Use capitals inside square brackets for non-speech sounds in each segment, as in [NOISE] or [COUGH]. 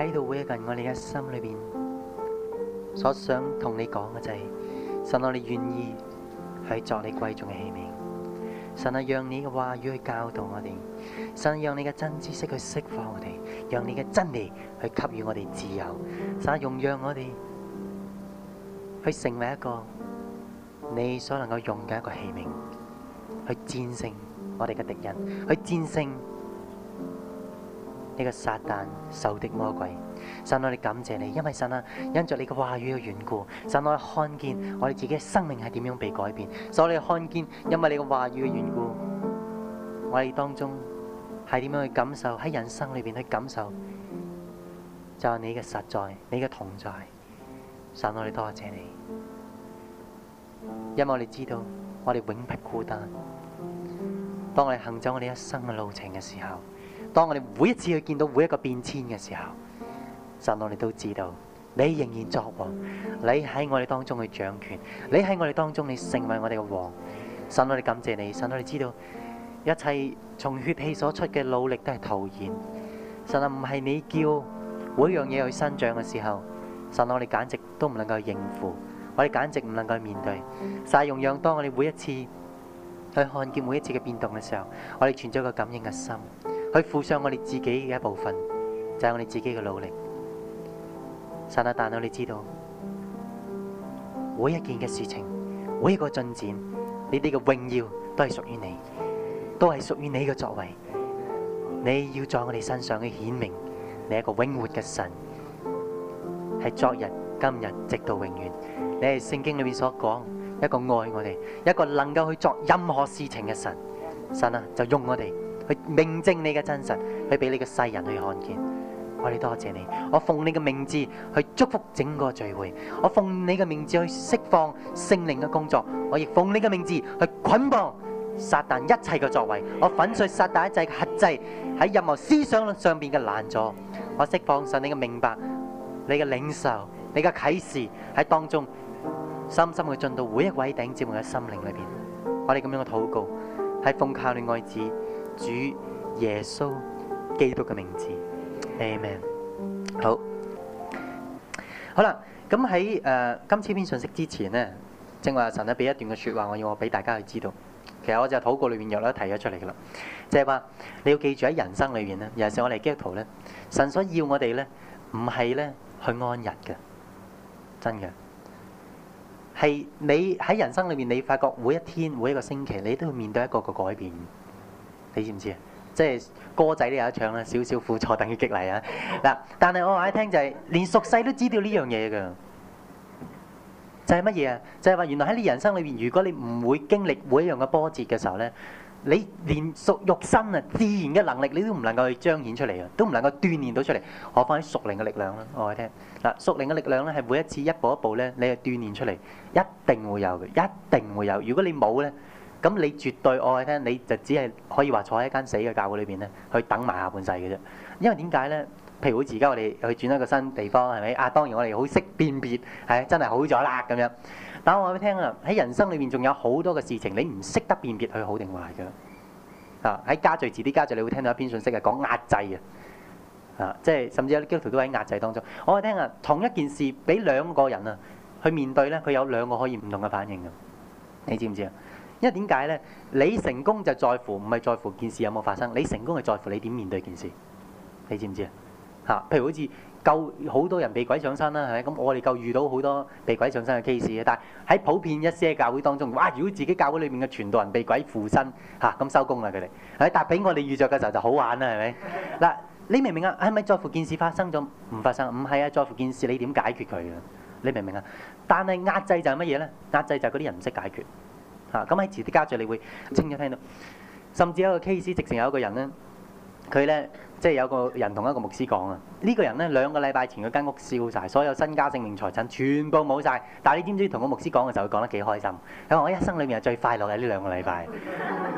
喺度一應我哋嘅心裏邊所想同你講嘅就係神，我哋願意去作你貴重嘅器皿，神係讓你嘅話語去教導我哋，神係讓你嘅真知識去釋放我哋，讓你嘅真理去給予我哋自由，神係用讓我哋去成為一個你所能夠用嘅一個器皿，去戰勝我哋嘅敵人，去戰勝。呢個撒旦、仇敵、魔鬼，神我哋感謝你，因為神啊，因着你嘅話語嘅緣故，神我哋看見我哋自己嘅生命係點樣被改變，所以看見因為你嘅話語嘅緣故，我哋當中係點樣去感受，喺人生裏邊去感受，就係你嘅實在，你嘅同在，神我哋多謝你，因為我哋知道我哋永不孤單，當我哋行走我哋一生嘅路程嘅時候。當我哋每一次去見到每一個變遷嘅時候，神我哋都知道你仍然作王，你喺我哋當中去掌權，你喺我哋當中你成為我哋嘅王。神我哋感謝你，神我哋知道一切從血氣所出嘅努力都係徒然。神啊，唔係你叫每一樣嘢去生長嘅時候，神我哋簡直都唔能夠應付，我哋簡直唔能夠面對。容讓當我哋每一次去看見每一次嘅變動嘅時候，我哋存咗個感恩嘅心。去付上我哋自己嘅一部分，就係我哋自己嘅努力。神啊，但係你知道，每一件嘅事情，每一個進展，你哋嘅榮耀都係屬於你，都係屬於你嘅作為。你要在我哋身上去顯明，你係一個永活嘅神，係昨日、今日，直到永遠。你係聖經裏面所講一個愛我哋，一個能夠去作任何事情嘅神。神啊，就用我哋。去明證你嘅真實，去俾你嘅世人去看見。我哋多謝你，我奉你嘅名字去祝福整個聚會，我奉你嘅名字去釋放聖靈嘅工作，我亦奉你嘅名字去捆綁撒但一切嘅作為，我粉碎撒但一切嘅核制喺任何思想上邊嘅攔阻。我釋放上你嘅明白、你嘅領受、你嘅啟示喺當中，深深去進到每一位弟兄姊妹嘅心靈裏邊。我哋咁樣嘅禱告，係奉靠你愛子。主耶穌基督嘅名字，Amen。好，好啦。咁喺誒今次篇信息之前呢，正話神咧俾一段嘅說話，我要我俾大家去知道。其實我就喺禱告裏面有咧提咗出嚟嘅啦，就係話你要記住喺人生裏面呢，尤其是我哋基督徒咧，神所要我哋咧，唔係咧去安逸嘅，真嘅。係你喺人生裏面，你發覺每一天、每一個星期，你都要面對一個個改變。你知唔知啊？即係歌仔都有得唱啦，少少苦楚等於激勵啊！嗱，但係我話你聽就係，連俗世都知道呢樣嘢嘅，就係乜嘢啊？就係話原來喺你人生裏邊，如果你唔會經歷每樣嘅波折嘅時候咧，你連熟肉身啊，自然嘅能力你都唔能夠去彰顯出嚟嘅，都唔能夠鍛鍊到出嚟，我放喺熟靈嘅力量啦！我話你聽，嗱，熟靈嘅力量咧係每一次一步一步咧，你係鍛鍊出嚟，一定會有嘅，一定會有。如果你冇咧，咁你絕對，我話你聽，你就只係可以話坐喺一間死嘅教會裏邊咧，去等埋下半世嘅啫。因為點解咧？譬如好似，而家我哋去轉一個新地方，係咪啊？當然我哋好識辨別係、哎、真係好咗啦咁樣。但我話俾你聽啊，喺人生裏面仲有好多嘅事情，你唔識得辨別佢好定壞㗎啊。喺家聚字啲家聚，你會聽到一篇信息係講壓制啊，即係甚至有基督徒都喺壓制當中。我話你聽啊，同一件事俾兩個人啊去面對咧，佢有兩個可以唔同嘅反應嘅，你知唔知啊？因為點解呢？你成功就在乎，唔係在乎件事有冇發生。你成功係在乎你點面對件事，你知唔知啊？嚇，譬如好似舊好多人被鬼上身啦，係咪，咁我哋夠遇到好多被鬼上身嘅 case 嘅，但係喺普遍一些教會當中，哇！如果自己教會裏面嘅傳道人被鬼附身嚇，咁收工啦佢哋，係，但係俾我哋遇着嘅時候就好玩啦，係咪嗱？ [LAUGHS] 你明唔明啊？係咪在乎件事發生咗唔發生？唔係啊，在乎件事你點解決佢啊？你明唔明啊？但係壓制就係乜嘢呢？壓制就係嗰啲人唔識解決。嚇！咁喺遲啲家住，你會清楚聽到。甚至有個 case，直情有一個人咧，佢咧即係有一個人同一個牧師講啊。呢、呢個人咧兩個禮拜前佢間屋燒晒，所有身家性命財產全部冇晒。但係你知唔知同個牧師講嘅時候，佢講得幾開心？佢話我一生裏面係最快樂嘅呢兩個禮拜。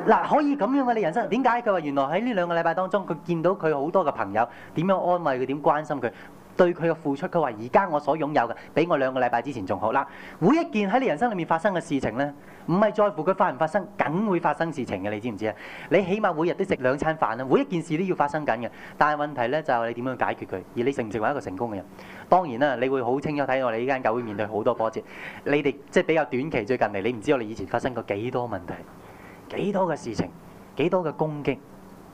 嗱 [LAUGHS] 可以咁樣嘅你人生點解？佢話原來喺呢兩個禮拜當中，佢見到佢好多嘅朋友點樣安慰佢，點關心佢。對佢嘅付出，佢話：而家我所擁有嘅，比我兩個禮拜之前仲好啦。每一件喺你人生裏面發生嘅事情呢，唔係在乎佢發唔發生，梗會發生事情嘅，你知唔知啊？你起碼每日都食兩餐飯啊，每一件事都要發生緊嘅。但係問題呢，就係你點樣解決佢，而你成唔成為一個成功嘅人？當然啦，你會好清楚睇到你呢間教會面對好多波折。你哋即係比較短期最近嚟，你唔知道我哋以前發生過幾多問題，幾多嘅事情，幾多嘅攻擊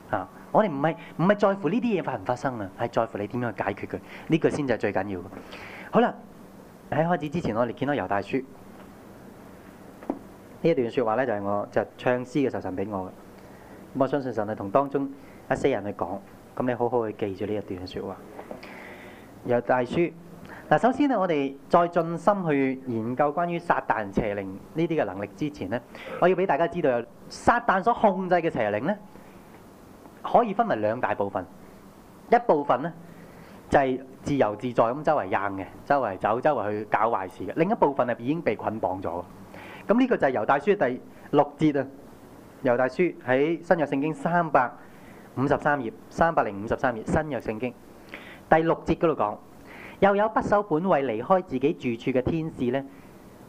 啊！我哋唔係唔係在乎呢啲嘢發唔發生啊，係在乎你點樣去解決佢，呢個先就係最緊要嘅。好啦，喺開始之前我們看，我哋見到猶大書呢一段說話咧，就係、是、我就唱詩嘅時候神俾我嘅。我相信神係同當中一些人去講，咁你好好去記住呢一段說話。猶大書，嗱，首先咧，我哋再盡心去研究關於撒但邪靈呢啲嘅能力之前咧，我要俾大家知道，有撒但所控制嘅邪靈咧。可以分為兩大部分，一部分咧就係自由自在咁周圍硬嘅，周圍走，周圍去搞壞事嘅；另一部分係已經被捆綁咗。咁呢個就係《猶大書》第六節啊，《猶大書》喺新約聖經三百五十三頁、三百零五十三頁新約聖經第六節嗰度講，又有不守本位、離開自己住處嘅天使咧。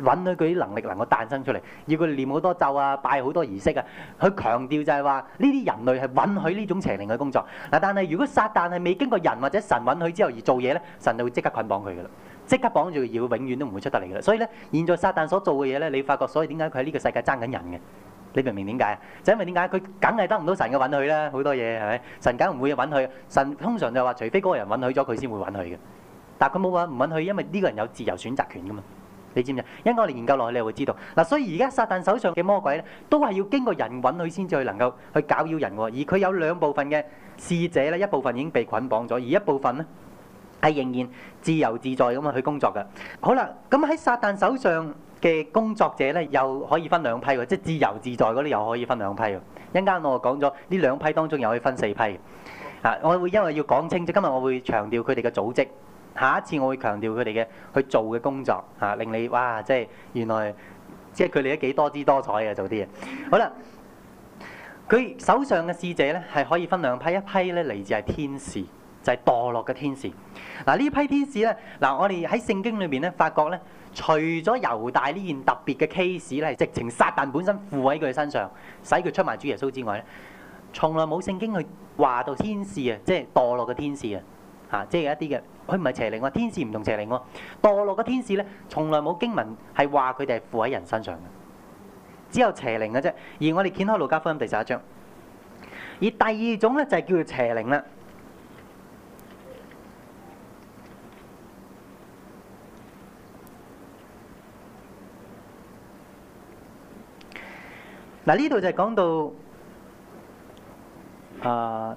允許佢啲能力能夠誕生出嚟，要佢念好多咒啊，拜好多儀式啊。佢強調就係話：呢啲人類係允許呢種邪靈嘅工作。嗱，但係如果撒旦係未經過人或者神允許之後而做嘢咧，神就會即刻捆綁佢噶啦，即刻綁住佢，而永遠都唔會出得嚟噶啦。所以咧，現在撒旦所做嘅嘢咧，你發覺所以點解佢喺呢個世界爭緊人嘅？你明唔明點解啊？就因為點解佢梗係得唔到神嘅允許咧，好多嘢係咪？神梗唔會允許。神通常就話：除非嗰個人允許咗佢，先會允許嘅。但係佢冇話唔允許，因為呢個人有自由選擇權噶嘛。你知唔知？一間我哋研究落去，你會知道嗱。所以而家撒旦手上嘅魔鬼咧，都係要經過人揾佢先至能夠去搞擾人喎。而佢有兩部分嘅使者咧，一部分已經被捆綁咗，而一部分咧係仍然自由自在咁去工作嘅。好啦，咁喺撒旦手上嘅工作者咧，又可以分兩批喎，即係自由自在嗰啲又可以分兩批。一陣間我講咗呢兩批當中又可以分四批。啊，我會因為要講清楚，今日我會強調佢哋嘅組織。下一次我會強調佢哋嘅去做嘅工作，嚇、啊、令你哇！即係原來即係佢哋都幾多姿多彩嘅做啲嘢。好啦，佢手上嘅使者咧係可以分兩批，一批咧嚟自係天使，就係、是、墮落嘅天使。嗱、啊、呢批天使咧，嗱、啊、我哋喺聖經裏面咧發覺咧，除咗猶大呢件特別嘅 case 咧係直情撒但本身附喺佢身上，使佢出賣主耶穌之外咧，從來冇聖經去話到天使啊，即係墮落嘅天使啊。嚇、啊，即係一啲嘅，佢唔係邪靈喎，天使唔同邪靈喎，墮落嘅天使咧，從來冇經文係話佢哋係附喺人身上嘅，只有邪靈嘅啫。而我哋掀開路加福音第十一章，而第二種咧就係叫做邪靈啦。嗱，呢度就係講到啊，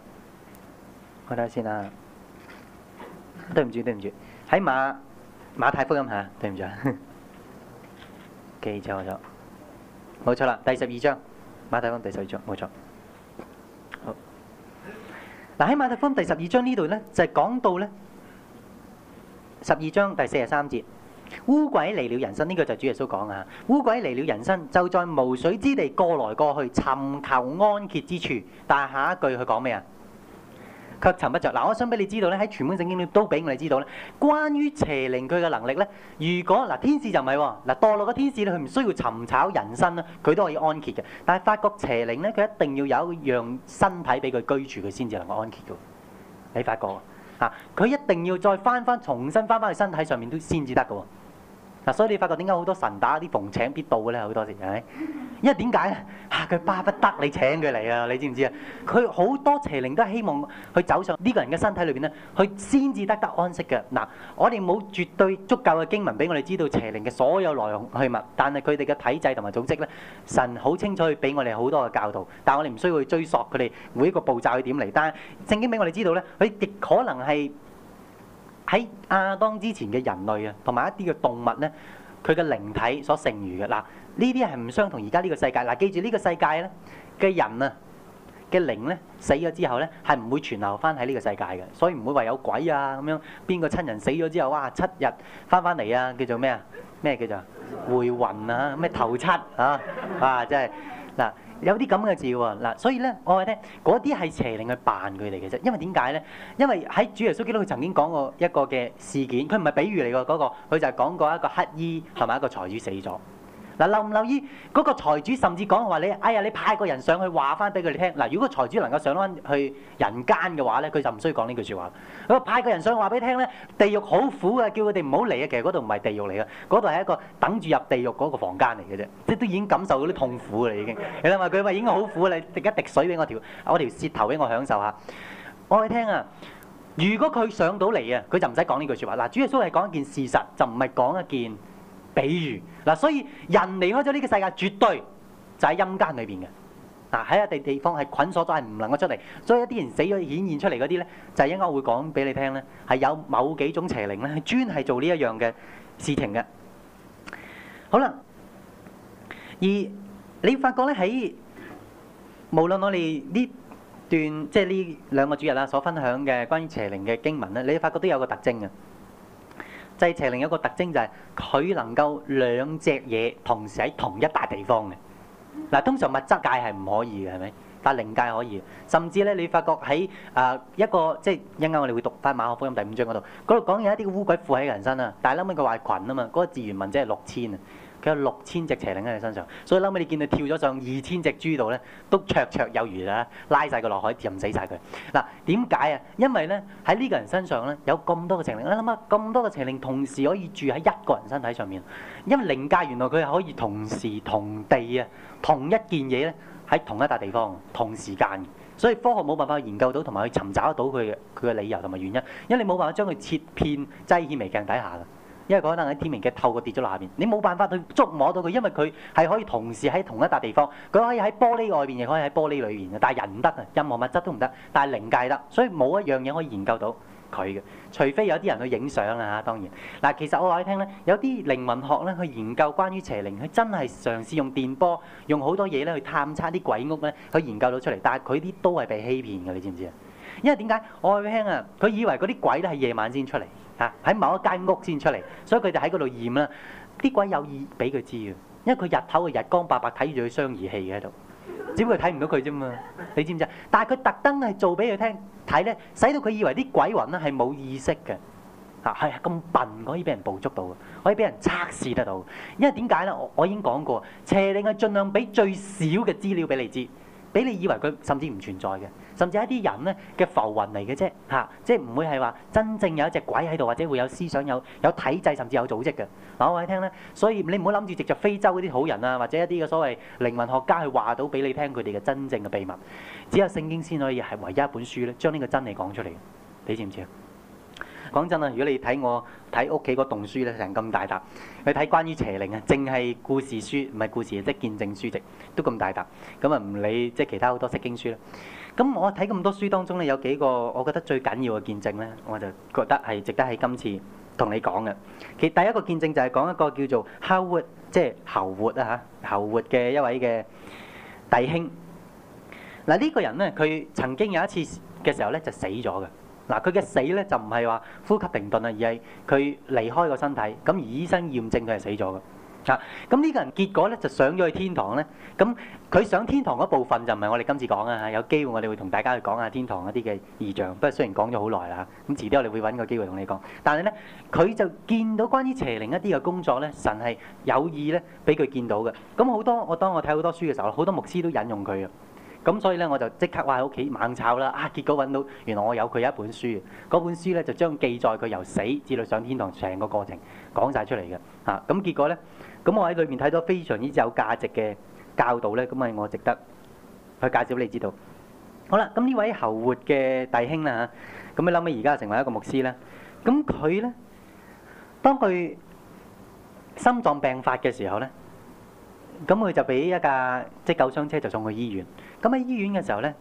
我睇下先啊。對唔住，對唔住，喺馬馬太福音吓，對唔 [LAUGHS] 住，記錯咗，冇錯啦，第十二章馬太福音第十二章，冇錯。好，嗱喺馬太福音第十二章呢度呢，就係講到呢，十二章第四十三節，烏鬼離了人身，呢個就係主耶穌講啊，烏鬼離了人身，就在無水之地過來過去，尋求安歇之處，但係下一句佢講咩啊？卻尋不著。嗱，我想俾你知道咧，喺《全本聖經》裏都俾我哋知道咧，關於邪靈佢嘅能力咧。如果嗱天使就唔係喎，嗱墮落嘅天使咧，佢唔需要尋找人身啦，佢都可以安歇嘅。但係發覺邪靈咧，佢一定要有一樣身體俾佢居住，佢先至能夠安歇嘅。你發覺啊？佢一定要再翻翻，重新翻翻去身體上面都先至得嘅喎。嗱，所以你發覺點解好多神打啲逢請必到嘅咧？好多時係因為點解咧？嚇、啊，佢巴不得你請佢嚟啊！你知唔知啊？佢好多邪靈都希望佢走上呢個人嘅身體裏邊咧，佢先至得得安息嘅。嗱，我哋冇絕對足夠嘅經文俾我哋知道邪靈嘅所有來龍去脈，但係佢哋嘅體制同埋組織咧，神好清楚去俾我哋好多嘅教導。但係我哋唔需要去追索佢哋每一個步驟去點嚟。但係正經俾我哋知道咧，佢極可能係。喺亞當之前嘅人類啊，同埋一啲嘅動物咧，佢嘅靈體所剩餘嘅。嗱，呢啲係唔相同而家呢個世界嗱，記住呢個世界咧嘅人啊嘅靈咧死咗之後咧係唔會存留翻喺呢個世界嘅，所以唔會話有鬼啊咁樣，邊個親人死咗之後哇七日翻翻嚟啊，叫做咩啊咩叫做回魂啊咩頭七啊啊真係嗱。有啲咁嘅字喎，嗱，所以咧，我覺得嗰啲係邪靈去扮佢哋嘅啫，因為點解咧？因為喺主耶穌基督，佢曾經講過一個嘅事件，佢唔係比喻嚟㗎，嗰、嗰個佢就係講過一個乞衣同埋一個財主死咗。嗱，留唔留意嗰個財主甚至講話你？哎呀，你派個人上去話翻俾佢哋聽。嗱，如果財主能夠上翻去人間嘅話咧，佢就唔需要講呢句説話。佢派個人上去話俾你聽咧，地獄好苦啊！叫佢哋唔好嚟啊！其實嗰度唔係地獄嚟噶，嗰度係一個等住入地獄嗰個房間嚟嘅啫。即係都已經感受到啲痛苦啦，已經。你諗下，佢話已經好苦啊！你滴一滴水俾我條，我條舌頭俾我享受下。我哋聽啊，如果佢上到嚟啊，佢就唔使講呢句説話。嗱，主耶穌係講一件事實，就唔係講一件。比如嗱，所以人離開咗呢個世界，絕對就喺陰間裏邊嘅。嗱，喺一地地方係捆鎖咗，係唔能夠出嚟。所以一啲人死咗顯現出嚟嗰啲咧，就是、應該我會講俾你聽咧，係有某幾種邪靈咧，專係做呢一樣嘅事情嘅。好啦，而你發覺咧，喺無論我哋呢段即係呢兩個主日啊所分享嘅關於邪靈嘅經文咧，你發覺都有個特徵嘅。制邪靈有一個特徵就係、是、佢能夠兩隻嘢同時喺同一笪地方嘅。嗱，通常物質界係唔可以嘅，係咪？但係靈界可以。甚至咧，你發覺喺誒、呃、一個即係一陣間我哋會讀翻《馬可福音》第五章嗰度，嗰度講有一啲污鬼附喺人身啊。但係諗起個話群啊嘛，嗰、那個字原文真係六千啊！佢有六千隻邪靈喺你身上，所以後尾你見到跳咗上二千隻豬度咧，都綽綽有餘啦，拉晒佢落海，浸死晒佢。嗱，點解啊？因為咧，喺呢個人身上咧，有咁多個邪靈想想，你諗下，咁多個邪靈同時可以住喺一個人身體上面，因為靈界原來佢係可以同時同地啊，同一件嘢咧喺同一笪地方、同時間。所以科學冇辦法去研究到同埋去尋找得到佢嘅佢嘅理由同埋原因，因為你冇辦法將佢切片擠喺顯微鏡底下㗎。因為可能喺天明嘅透過跌咗落下面，你冇辦法去捉摸到佢，因為佢係可以同時喺同一笪地方，佢可以喺玻璃外邊，亦可以喺玻璃裏邊嘅。但係人唔得啊，任何物質都唔得，但係靈界得，所以冇一樣嘢可以研究到佢嘅，除非有啲人去影相啊。當然，嗱，其實我話你聽咧，有啲靈魂學咧去研究關於邪靈，佢真係嘗試用電波，用好多嘢咧去探測啲鬼屋咧，去研究到出嚟。但係佢啲都係被欺騙嘅，你知唔知啊？因為點解我話你聽啊，佢以為嗰啲鬼咧係夜晚先出嚟。嚇喺、啊、某一間屋先出嚟，所以佢就喺嗰度驗啦。啲鬼有意俾佢知嘅，因為佢日頭嘅日光白白睇住佢雙儀器嘅喺度，只不過睇唔到佢啫嘛。你知唔知？但係佢特登係做俾佢聽睇咧，使到佢以為啲鬼魂咧係冇意識嘅嚇，係、啊、咁、啊、笨可以俾人捕捉到，可以俾人測試得到。因為點解咧？我我已經講過，邪靈係盡量俾最少嘅資料俾你知。俾你以為佢甚至唔存在嘅，甚至一啲人咧嘅浮雲嚟嘅啫，吓，即係唔會係話真正有一隻鬼喺度，或者會有思想、有有體制，甚至有組織嘅。嗱，我話你聽咧，所以你唔好諗住藉著非洲嗰啲好人啊，或者一啲嘅所謂靈魂學家去話到俾你聽佢哋嘅真正嘅秘密，只有聖經先可以係唯一一本書咧，將呢個真理講出嚟。你知唔知？講真啊，如果你睇我睇屋企個棟書咧，成咁大沓，你睇關於邪靈啊，淨係故事書唔係故事，即係見證書籍都咁大沓，咁啊唔理即係其他好多釋經書咧。咁我睇咁多書當中咧，有幾個我覺得最緊要嘅見證咧，我就覺得係值得喺今次同你講嘅。其第一個見證就係講一個叫做 Howard，即係侯活啊嚇，侯活嘅一位嘅弟兄。嗱呢個人咧，佢曾經有一次嘅時候咧就死咗嘅。嗱，佢嘅死咧就唔係話呼吸停頓啊，而係佢離開個身體。咁而醫生驗證佢係死咗嘅。啊，咁呢個人結果咧就上咗去天堂咧。咁佢上天堂嗰部分就唔係我哋今次講啊。有機會我哋會同大家去講下天堂一啲嘅異象。不過雖然講咗好耐啦，咁遲啲我哋會揾個機會同你講。但係咧，佢就見到關於邪靈一啲嘅工作咧，神係有意咧俾佢見到嘅。咁好多我當我睇好多書嘅時候，好多牧師都引用佢嘅。咁所以咧，我就即刻話喺屋企猛炒啦！啊，結果揾到原來我有佢一本書，嗰本書咧就將記載佢由死至到上天堂成個過程講晒出嚟嘅嚇。咁結果咧，咁我喺裏面睇到非常之有價值嘅教導咧，咁啊我值得去介紹你知道。好啦，咁呢位侯活嘅弟兄啦嚇，咁你諗起而家成為一個牧師咧，咁佢咧當佢心臟病發嘅時候咧，咁佢就俾一架即救傷車就送去醫院。咁喺醫院嘅時候咧，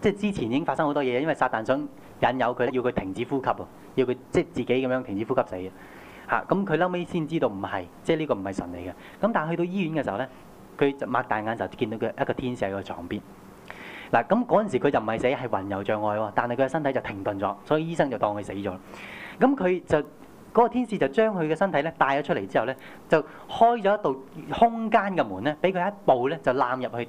即係之前已經發生好多嘢，因為撒旦想引誘佢咧，要佢停止呼吸喎，要佢即係自己咁樣停止呼吸死嘅。咁佢嬲尾先知道唔係，即係呢個唔係神嚟嘅。咁但係去到醫院嘅時候咧，佢就擘大眼就見到佢一個天使喺個床邊。嗱，咁嗰陣時佢就唔係死，係魂遊障礙喎，但係佢嘅身體就停頓咗，所以醫生就當佢死咗。咁佢就嗰個天使就將佢嘅身體咧帶咗出嚟之後咧，就開咗一道空間嘅門咧，俾佢一步咧就攬入去。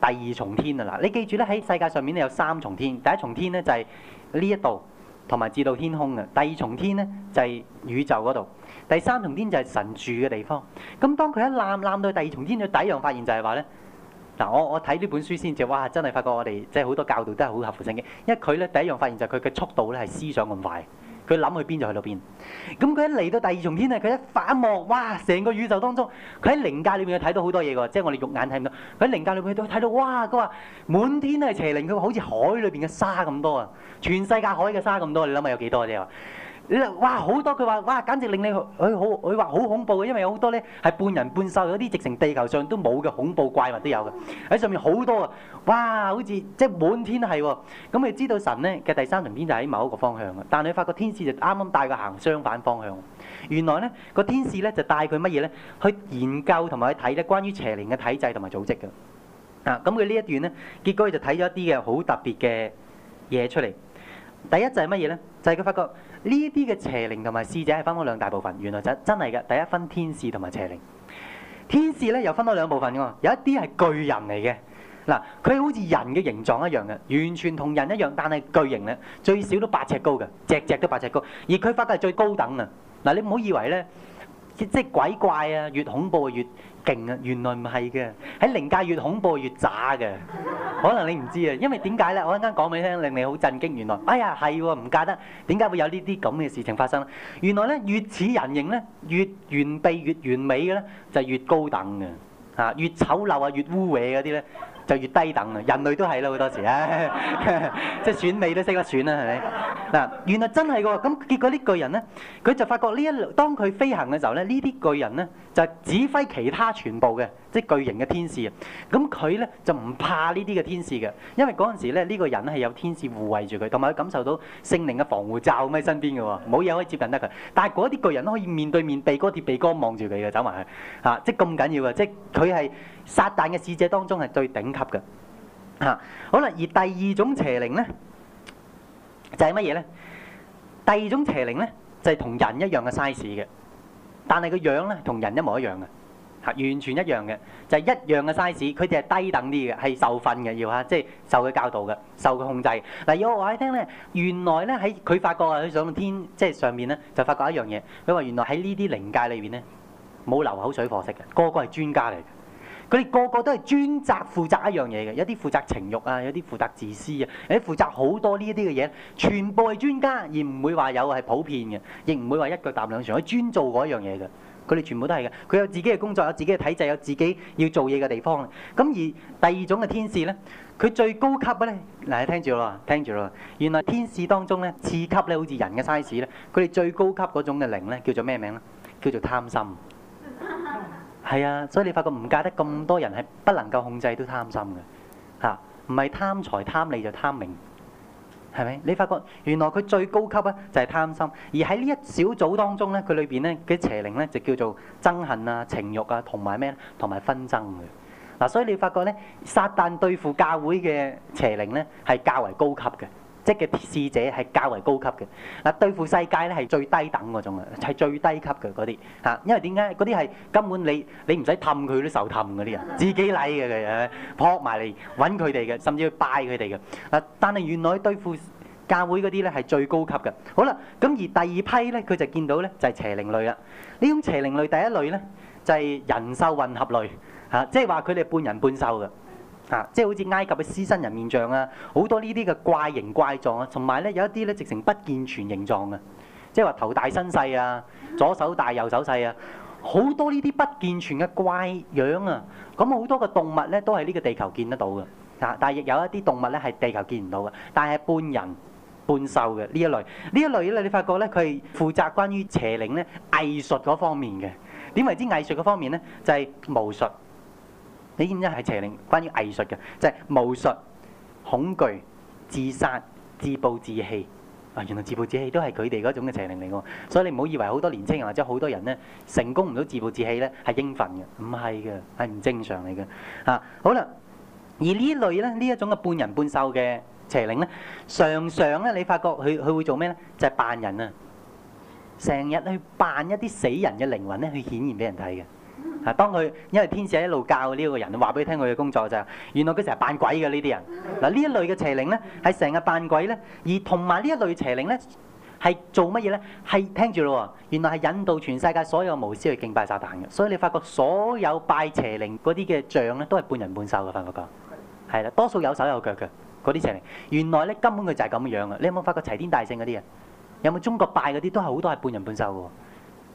第二重天啊，嗱，你記住咧，喺世界上面咧，有三重天，第一重天咧就係呢一度，同埋至到天空嘅；第二重天咧就係宇宙嗰度；第三重天就係神住嘅地方。咁當佢一攬攬到第二重天，佢第一樣發現就係話咧，嗱，我我睇呢本書先啫，哇，真係發覺我哋即係好多教導都係好合乎聖經，因為佢咧第一樣發現就係佢嘅速度咧係思想咁快。佢諗去邊就去到邊，咁佢一嚟到第二重天啊！佢一發一望，哇！成個宇宙當中，佢喺靈界裏邊睇到好多嘢㗎，即係我哋肉眼睇唔到。佢喺靈界裏邊睇到，睇到哇！佢話滿天都係邪靈，佢話好似海裏邊嘅沙咁多啊！全世界海嘅沙咁多，你諗下有幾多啫？你話，哇，好多，佢話哇，簡直令你佢、哎、好佢話好恐怖嘅，因為有好多咧係半人半獸，有啲直成地球上都冇嘅恐怖怪物都有嘅，喺上面好多啊！哇，好似即係滿天都係喎。咁你知道神咧嘅第三層天就喺某一個方向嘅，但係佢發覺天使就啱啱帶佢行相反方向。原來咧個天使咧就帶佢乜嘢咧去研究同埋去睇咧關於邪靈嘅體制同埋組織嘅啊。咁佢呢一段咧，結果佢就睇咗一啲嘅好特別嘅嘢出嚟。第一就係乜嘢呢？就係佢發覺呢啲嘅邪靈同埋使者係分開兩大部分。原來就真係嘅，第一分天使同埋邪靈。天使呢又分開兩部分嘅，有一啲係巨人嚟嘅。嗱，佢好似人嘅形狀一樣嘅，完全同人一樣，但係巨型呢，最少都八尺高嘅，隻隻都八尺高。而佢發覺係最高等啊！嗱，你唔好以為呢。即係鬼怪啊！越恐怖越勁啊！原來唔係嘅，喺靈界越恐怖越渣嘅。可能你唔知啊，因為點解咧？我一陣間講俾你聽，令你好震驚。原來，哎呀，係喎，唔怪得。點解會有呢啲咁嘅事情發生咧？原來咧，越似人形咧，越完備越完美嘅咧，就係、是、越高等嘅。嚇，越醜陋啊，越污穢嗰啲咧。就越低等啊！人類都係咯，好多時啊，即係 [LAUGHS] 選美都識得選啦，係咪？嗱， [LAUGHS] 原來真係喎，咁結果呢巨人咧，佢就發覺呢一當佢飛行嘅時候咧，呢啲巨人咧就係指揮其他全部嘅即係巨型嘅天使，咁佢咧就唔怕呢啲嘅天使嘅，因為嗰陣時咧呢個人係有天使護衛住佢，同埋佢感受到聖靈嘅防護罩喺身邊嘅喎，冇嘢可以接近得佢。但係嗰啲巨人都可以面對面鼻哥貼鼻哥望住佢嘅，走埋去嚇、啊，即係咁緊要嘅，即係佢係。撒旦嘅使者當中係最頂級嘅嚇。好啦，而第二種邪靈咧就係乜嘢咧？第二種邪靈咧就係、是、同人一樣嘅 size 嘅，但係個樣咧同人一模一樣嘅嚇，完全一樣嘅就係、是、一樣嘅 size。佢哋係低等啲嘅，係受訓嘅要啊，即、就、係、是、受佢教導嘅，受佢控制。嗱，有我話你聽咧，原來咧喺佢發覺啊，佢上到天即係、就是、上面咧就發覺一樣嘢，佢話原來喺呢啲靈界裏邊咧冇流口水貨色嘅，個個係專家嚟嘅。佢哋個個都係專責負責一樣嘢嘅，有啲負責情慾啊，有啲負責自私啊，有啲負責好多呢一啲嘅嘢，全部係專家，而唔會話有係普遍嘅，亦唔會話一腳踏兩船，可以專做嗰一樣嘢嘅。佢哋全部都係嘅，佢有自己嘅工作，有自己嘅體制，有自己要做嘢嘅地方。咁而第二種嘅天使呢，佢最高級呢，嗱聽住咯，聽住咯，原來天使當中呢，次級呢好似人嘅 size 呢，佢哋最高級嗰種嘅靈呢，叫做咩名呢？叫做貪心。 [LAUGHS] 係啊，所以你發覺唔嫁得咁多人係不能夠控制都貪心嘅，吓，唔係貪財貪利就貪名，係咪？你發覺原來佢最高級咧就係貪心，而喺呢一小組當中咧，佢裏邊咧嘅邪靈咧就叫做憎恨啊、情慾啊同埋咩？同埋紛爭嘅嗱，所以你發覺咧，撒但對付教會嘅邪靈咧係較為高級嘅。即嘅使者係較為高級嘅，嗱，對付世界咧係最低等嗰種啊，係最低級嘅嗰啲嚇，因為點解嗰啲係根本你你唔使氹佢，都受氹嗰啲人，自己嚟嘅嘅，撲埋嚟揾佢哋嘅，甚至去拜佢哋嘅。嗱，但係原來對付教會嗰啲咧係最高級嘅。好啦，咁而第二批咧，佢就見到咧就係邪靈類啦。呢種邪靈類第一類咧就係人獸混合類嚇，即係話佢哋半人半獸嘅。啊，即係好似埃及嘅獅身人面像啊，好多呢啲嘅怪形怪狀啊，同埋咧有一啲咧直成不健全形狀啊，即係話頭大身細啊，左手大右手細啊，好多呢啲不健全嘅怪樣啊。咁好多嘅動物咧都係呢個地球見得到嘅，啊，但係亦有一啲動物咧係地球見唔到嘅，但係半人半獸嘅呢一類，呢一類咧你發覺咧佢係負責關於邪靈咧藝術嗰方面嘅。點為之藝術嗰方面咧？就係巫術。你見一係邪靈，關於藝術嘅，就係、是、巫術、恐懼、自殺、自暴自棄。啊，原來自暴自棄都係佢哋嗰種嘅邪靈嚟㗎。所以你唔好以為好多年青人或者好多人咧成功唔到自暴自棄咧係應份嘅，唔係嘅，係唔正常嚟嘅。啊，好啦，而這類呢類咧呢一種嘅半人半獸嘅邪靈咧，常常咧你發覺佢佢會做咩咧？就係、是、扮人啊，成日去扮一啲死人嘅靈魂咧去顯現俾人睇嘅。啊！當佢因為天使一路教呢一個人，話俾佢聽佢嘅工作就係，原來佢成日扮鬼嘅呢啲人。嗱呢一類嘅邪靈咧，係成日扮鬼咧，而同埋呢一類邪靈咧，係做乜嘢咧？係聽住咯喎，原來係引導全世界所有巫師去敬拜撒旦嘅。所以你發覺所有拜邪靈嗰啲嘅像咧，都係半人半獸嘅。發唔發覺？係啦，多數有手有腳嘅嗰啲邪靈。原來咧根本佢就係咁樣嘅。你有冇發覺齊天大聖嗰啲人？有冇中國拜嗰啲都係好多係半人半獸嘅？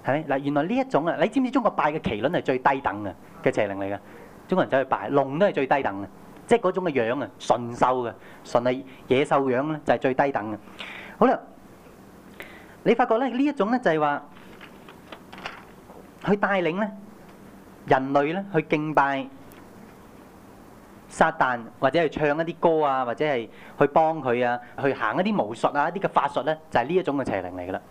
係嗱，原來呢一種啊，你知唔知中國拜嘅麒麟係最低等嘅嘅邪靈嚟㗎？中國人走去拜龍都係最低等嘅，即係嗰種嘅樣啊，純獸嘅，純係野獸樣咧，就係最低等嘅。好啦，你發覺咧呢一種咧就係話去帶領咧人類咧去敬拜撒旦，或者係唱一啲歌啊，或者係去幫佢啊，去行一啲巫術啊，一啲嘅法術咧，就係呢一種嘅邪靈嚟嘅啦。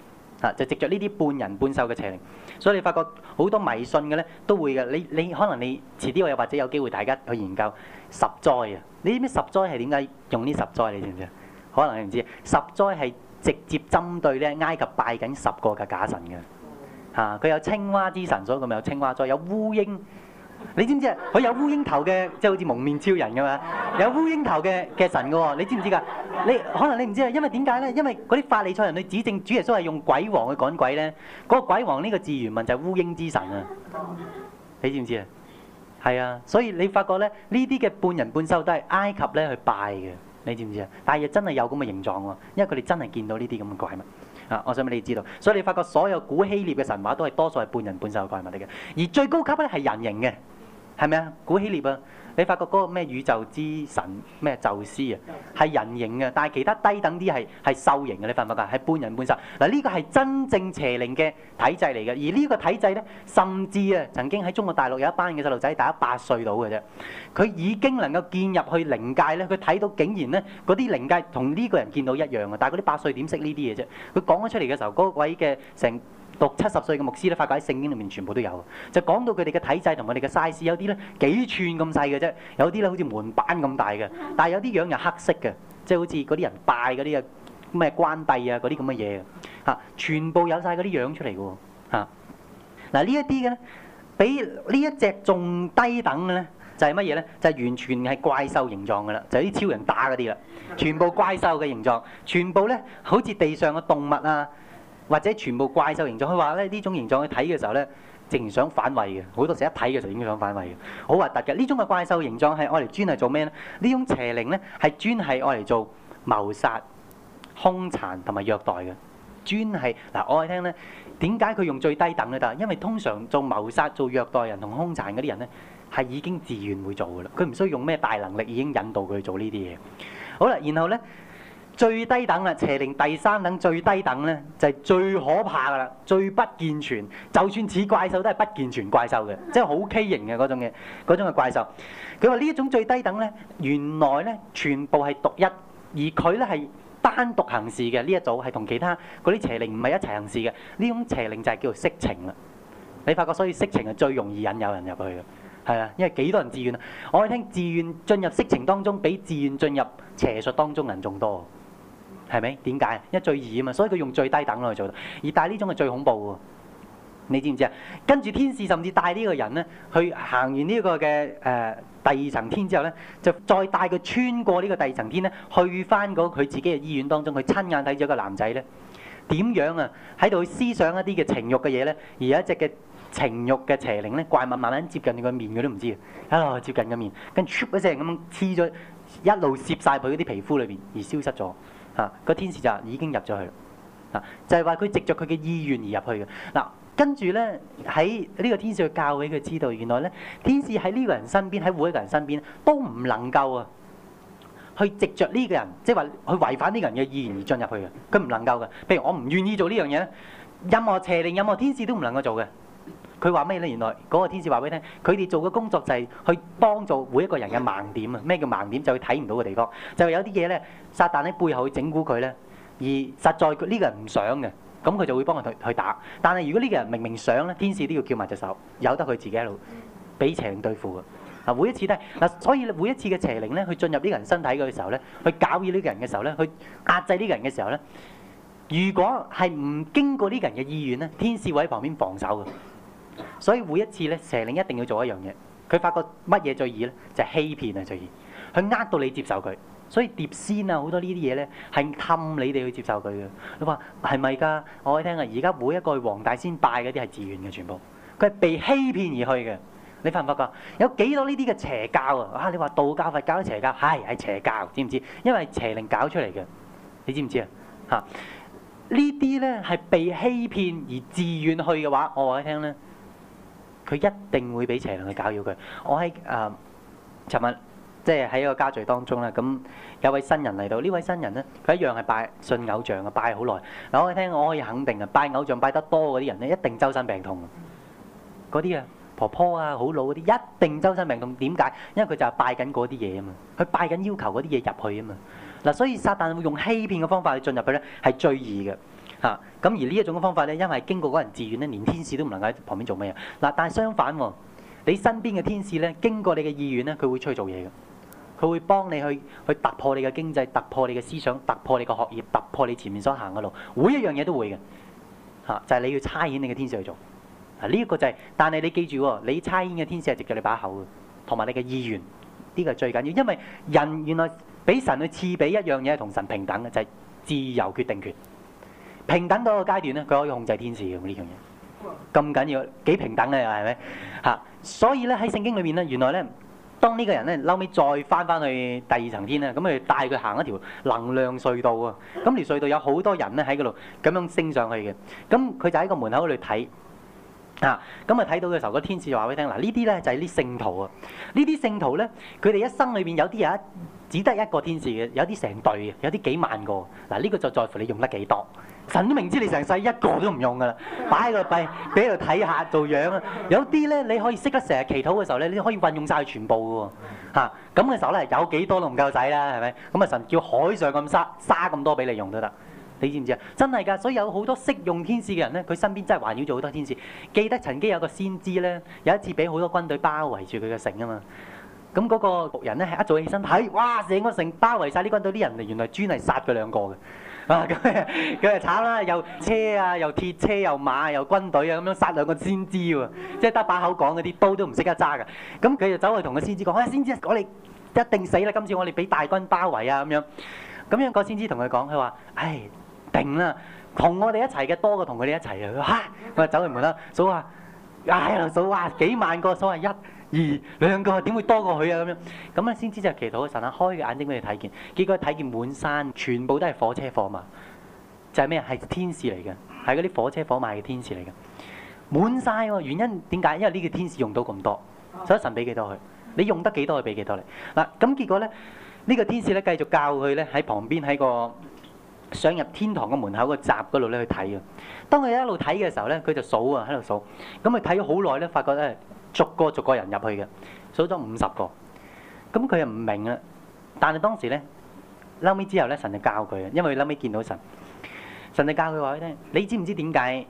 就藉着呢啲半人半獸嘅邪靈，所以你發覺好多迷信嘅咧都會嘅。你你可能你遲啲我又或者有機會大家去研究十災啊！你知唔知十災係點解用呢十災？你知唔知，知可能你唔知。十災係直接針對咧埃及拜緊十個嘅假神嘅㗎，佢、啊、有青蛙之神，所以佢咪有青蛙災，有烏蠅。你知唔知啊？佢有烏蠅頭嘅，即係好似蒙面超人咁啊！有烏蠅頭嘅嘅神噶喎，你知唔知噶？你可能你唔知啊，因為點解咧？因為嗰啲法利賽人，你指證主耶穌係用鬼王去趕鬼咧。嗰個鬼王呢個字原文就係烏蠅之神啊！你知唔知啊？係啊，所以你發覺咧，呢啲嘅半人半獸都係埃及咧去拜嘅，你知唔知啊？但係真係有咁嘅形狀喎，因為佢哋真係見到呢啲咁嘅怪物啊！我想俾你知道，所以你發覺所有古希臘嘅神話都係多數係半人半獸嘅怪物嚟嘅，而最高級咧係人形嘅。係咪啊？古希臘啊，你發覺嗰個咩宇宙之神咩宙斯啊，係人形嘅，但係其他低等啲係係獸形嘅，你發唔發覺？係半人半獸嗱，呢個係真正邪靈嘅體制嚟嘅。而呢個體制咧，甚至啊，曾經喺中國大陸有一班嘅細路仔，就是、大約八歲到嘅啫，佢已經能夠見入去靈界咧，佢睇到竟然咧嗰啲靈界同呢個人見到一樣嘅，但係嗰啲八歲點識這些呢啲嘢啫？佢講咗出嚟嘅時候，嗰位嘅成。六七十歲嘅牧師咧，發覺喺聖經裏面全部都有，就講到佢哋嘅體制同佢哋嘅 size，有啲咧幾寸咁細嘅啫，有啲咧好似門板咁大嘅，但係有啲樣又黑色嘅，即係好似嗰啲人拜嗰啲啊咩關帝啊嗰啲咁嘅嘢，嚇，全部有晒嗰啲樣出嚟嘅喎，嗱呢一啲嘅咧，比呢一隻仲低等嘅咧，就係乜嘢咧？就係完全係怪獸形狀嘅啦，就係啲超人打嗰啲啦，全部怪獸嘅形狀，全部咧好似地上嘅動物啊。或者全部怪獸形狀，佢話咧呢種形狀去睇嘅時候咧，淨想反胃嘅。好多時一睇嘅時候已經想反胃嘅，好核突嘅。呢種嘅怪獸形狀係愛嚟專係做咩咧？呢種邪靈咧係專係愛嚟做謀殺、兇殘同埋虐待嘅。專係嗱、啊，我哋聽咧點解佢用最低等咧？但係因為通常做謀殺、做虐待人同兇殘嗰啲人咧，係已經自願會做嘅啦。佢唔需要用咩大能力已經引導佢做呢啲嘢。好啦，然後咧。最低等啦，邪靈第三等最低等咧，就係、是、最可怕噶啦，最不健全，就算似怪獸都係不健全怪獸嘅，嗯、即係好畸形嘅嗰種嘢，嗰種嘅怪獸。佢話呢一種最低等咧，原來咧全部係獨一，而佢咧係單獨行事嘅，呢一組係同其他嗰啲邪靈唔係一齊行事嘅。呢種邪靈就係叫做色情啦。你發覺所以色情係最容易引誘人入去嘅，係啊，因為幾多少人自願啊？我聽自願進入色情當中比自願進入邪術當中人仲多。係咪？點解？因為最易啊嘛，所以佢用最低等攞嚟做。而帶呢種係最恐怖喎，你知唔知啊？跟住天使甚至帶呢個人咧，去行完呢個嘅誒、呃、第二層天之後咧，就再帶佢穿過呢個第二層天咧，去返佢自己嘅醫院當中，佢親眼睇咗一個男仔咧點樣啊喺度去思想一啲嘅情慾嘅嘢咧，而有一隻嘅情慾嘅邪靈咧，怪物慢慢接近佢個面，佢都唔知道啊，一路接近個面，跟唰一聲咁黐咗一路攝晒佢嗰啲皮膚裏邊而消失咗。啊，個天使就已經入咗去啦。嗱、啊，就係話佢藉着佢嘅意願而入去嘅。嗱、啊，跟住咧喺呢個天使去教俾佢知道，原來咧天使喺呢個人身邊，喺每一個人身邊都唔能夠啊，去藉着呢個人，即係話去違反呢個人嘅意願而進入去嘅。佢唔能夠嘅。譬如我唔願意做呢樣嘢咧，任何邪靈、任何天使都唔能夠做嘅。佢話咩咧？原來嗰個天使話俾你聽，佢哋做嘅工作就係去幫助每一個人嘅盲點啊。咩叫盲點？就係睇唔到嘅地方，就係有啲嘢咧。撒旦喺背後去整蠱佢咧，而實在呢個人唔想嘅，咁佢就會幫佢去去打。但係如果呢個人明明想咧，天使都要叫埋隻手，由得佢自己喺度俾邪靈對付㗎嗱。每一次都係嗱，所以每一次嘅邪靈咧去進入呢個人身體嘅時候咧，去搞擾呢個人嘅時候咧，去壓制呢個人嘅時候咧，如果係唔經過呢個人嘅意願咧，天使會喺旁邊防守㗎。所以每一次咧，邪靈一定要做一樣嘢，佢發覺乜嘢最易咧？就係欺騙啊最易，佢呃到你接受佢，所以碟仙啊，好多呢啲嘢咧係氹你哋去接受佢嘅。你話係咪噶？我話你聽啊，而家每一個去黃大仙拜嗰啲係自願嘅全部，佢係被欺騙而去嘅。你發唔發覺？有幾多呢啲嘅邪教啊？啊，你話道教、佛教都邪教，係係邪教，知唔知？因為邪靈搞出嚟嘅，你知唔知啊？吓，呢啲咧係被欺騙而自願去嘅話，我話你聽咧。佢一定會俾邪靈去搞擾佢。我喺誒尋日即係喺一個家聚當中啦，咁有一位新人嚟到，呢位新人咧，佢一樣係拜信偶像嘅，拜好耐。嗱，我可以聽，我可以肯定嘅，拜偶像拜得多嗰啲人咧，啊，一定周身病痛。嗰啲啊，婆婆啊，好老嗰啲，一定周身病痛。點解？因為佢就係拜緊嗰啲嘢啊嘛，佢拜緊要求嗰啲嘢入去啊嘛。嗱，所以撒旦會用欺騙嘅方法去進入佢咧，係最易嘅。啊，咁而呢一種嘅方法咧，因為經過嗰人自願咧，連天使都唔能夠喺旁邊做咩嘢。嗱，但係相反喎、哦，你身邊嘅天使咧，經過你嘅意願咧，佢會出去做嘢嘅，佢會幫你去去突破你嘅經濟，突破你嘅思想，突破你嘅學業，突破你前面所行嘅路，每一樣嘢都會嘅。嚇，就係、是、你要差遣你嘅天使去做。啊，呢一個就係、是，但係你記住、哦，你差遣嘅天使係藉著你把口嘅，同埋你嘅意願，呢、這個最緊要的，因為人原來俾神去賜俾一樣嘢係同神平等嘅，就係、是、自由決定權。平等嗰個階段咧，佢可以控制天使的。嘅呢樣嘢咁緊要幾平等咧、啊？又係咪嚇？所以咧喺聖經裏面咧，原來咧，當呢個人咧，後尾再返返去第二層天咧，咁佢帶佢行一條能量隧道啊！咁條隧道有好多人咧喺嗰度咁樣升上去嘅。咁佢就喺個門口度睇啊！咁啊睇到嘅時候，個天使就話俾你聽嗱：這些呢啲咧就係、是、啲聖徒啊！呢啲聖徒咧，佢哋一生裏面有啲人只得一個天使嘅，有啲成隊嘅，有啲幾萬個嗱。呢、啊這個就在乎你用得幾多。神都明知你成世一個都唔用噶啦，擺喺個幣，俾佢睇下做樣啊！有啲咧，你可以識得成日祈禱嘅時候咧，你可以運用曬全部噶喎嚇。咁嘅時候咧，有幾多都唔夠使啦，係咪？咁啊，神叫海上咁沙沙咁多俾你用都得。你知唔知啊？真係㗎，所以有好多識用天使嘅人咧，佢身邊真係環繞咗好多天使。記得曾經有個先知咧，有一次俾好多軍隊包圍住佢嘅城啊嘛。咁嗰個僕人咧，係一早起身，睇，哇！成個城包圍曬啲軍隊啲人嚟，原來專係殺佢兩個嘅。啊，咁佢佢就慘啦，又車啊，又鐵車，又馬，又軍隊啊，咁樣殺兩個先知喎，即係得把口講，嗰啲刀都唔識得揸嘅。咁佢就走去同個先知講，啊，先知，我哋一定死啦！今次我哋俾大軍包圍啊，咁樣。咁樣個先知同佢講，佢話，唉，定啦，同我哋一齊嘅多過同佢哋一齊嘅。嚇，佢話走去門啦，數下，哎呀，數啊，幾萬個數啊一。二兩個點會多過佢啊？咁樣咁啊，先知就係祈禱嘅時候，開嘅眼睛俾你睇見。結果睇見滿山全部都係火車火馬，就係咩啊？係天使嚟嘅，係嗰啲火車火馬嘅天使嚟嘅，滿晒喎。原因點解？因為呢個天使用到咁多，所以神俾幾多佢？你用得幾多，佢俾幾多你。嗱。咁結果咧，呢個天使咧，繼續教佢咧，喺旁邊喺個想入天堂嘅門口個閘嗰度咧去睇啊。當佢一路睇嘅時候咧，佢就數啊喺度數。咁佢睇咗好耐咧，發覺咧。逐個逐個人入去嘅，數咗五十個。咁佢又唔明啊。但係當時咧，後尾之後咧，神就教佢啊。因為後尾見到神，神就教佢話咧：你知唔知點解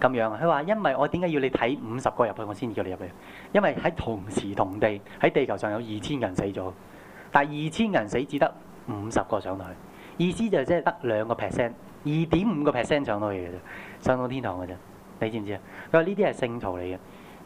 咁樣？佢話：因為我點解要你睇五十個入去，我先叫你入去？因為喺同時同地喺地球上有二千人死咗，但係二千人死只得五十個上到去，意思就係即係得兩個 percent，二點五個 percent 上到去嘅啫，上到天堂嘅啫。你知唔知啊？佢話呢啲係聖徒嚟嘅。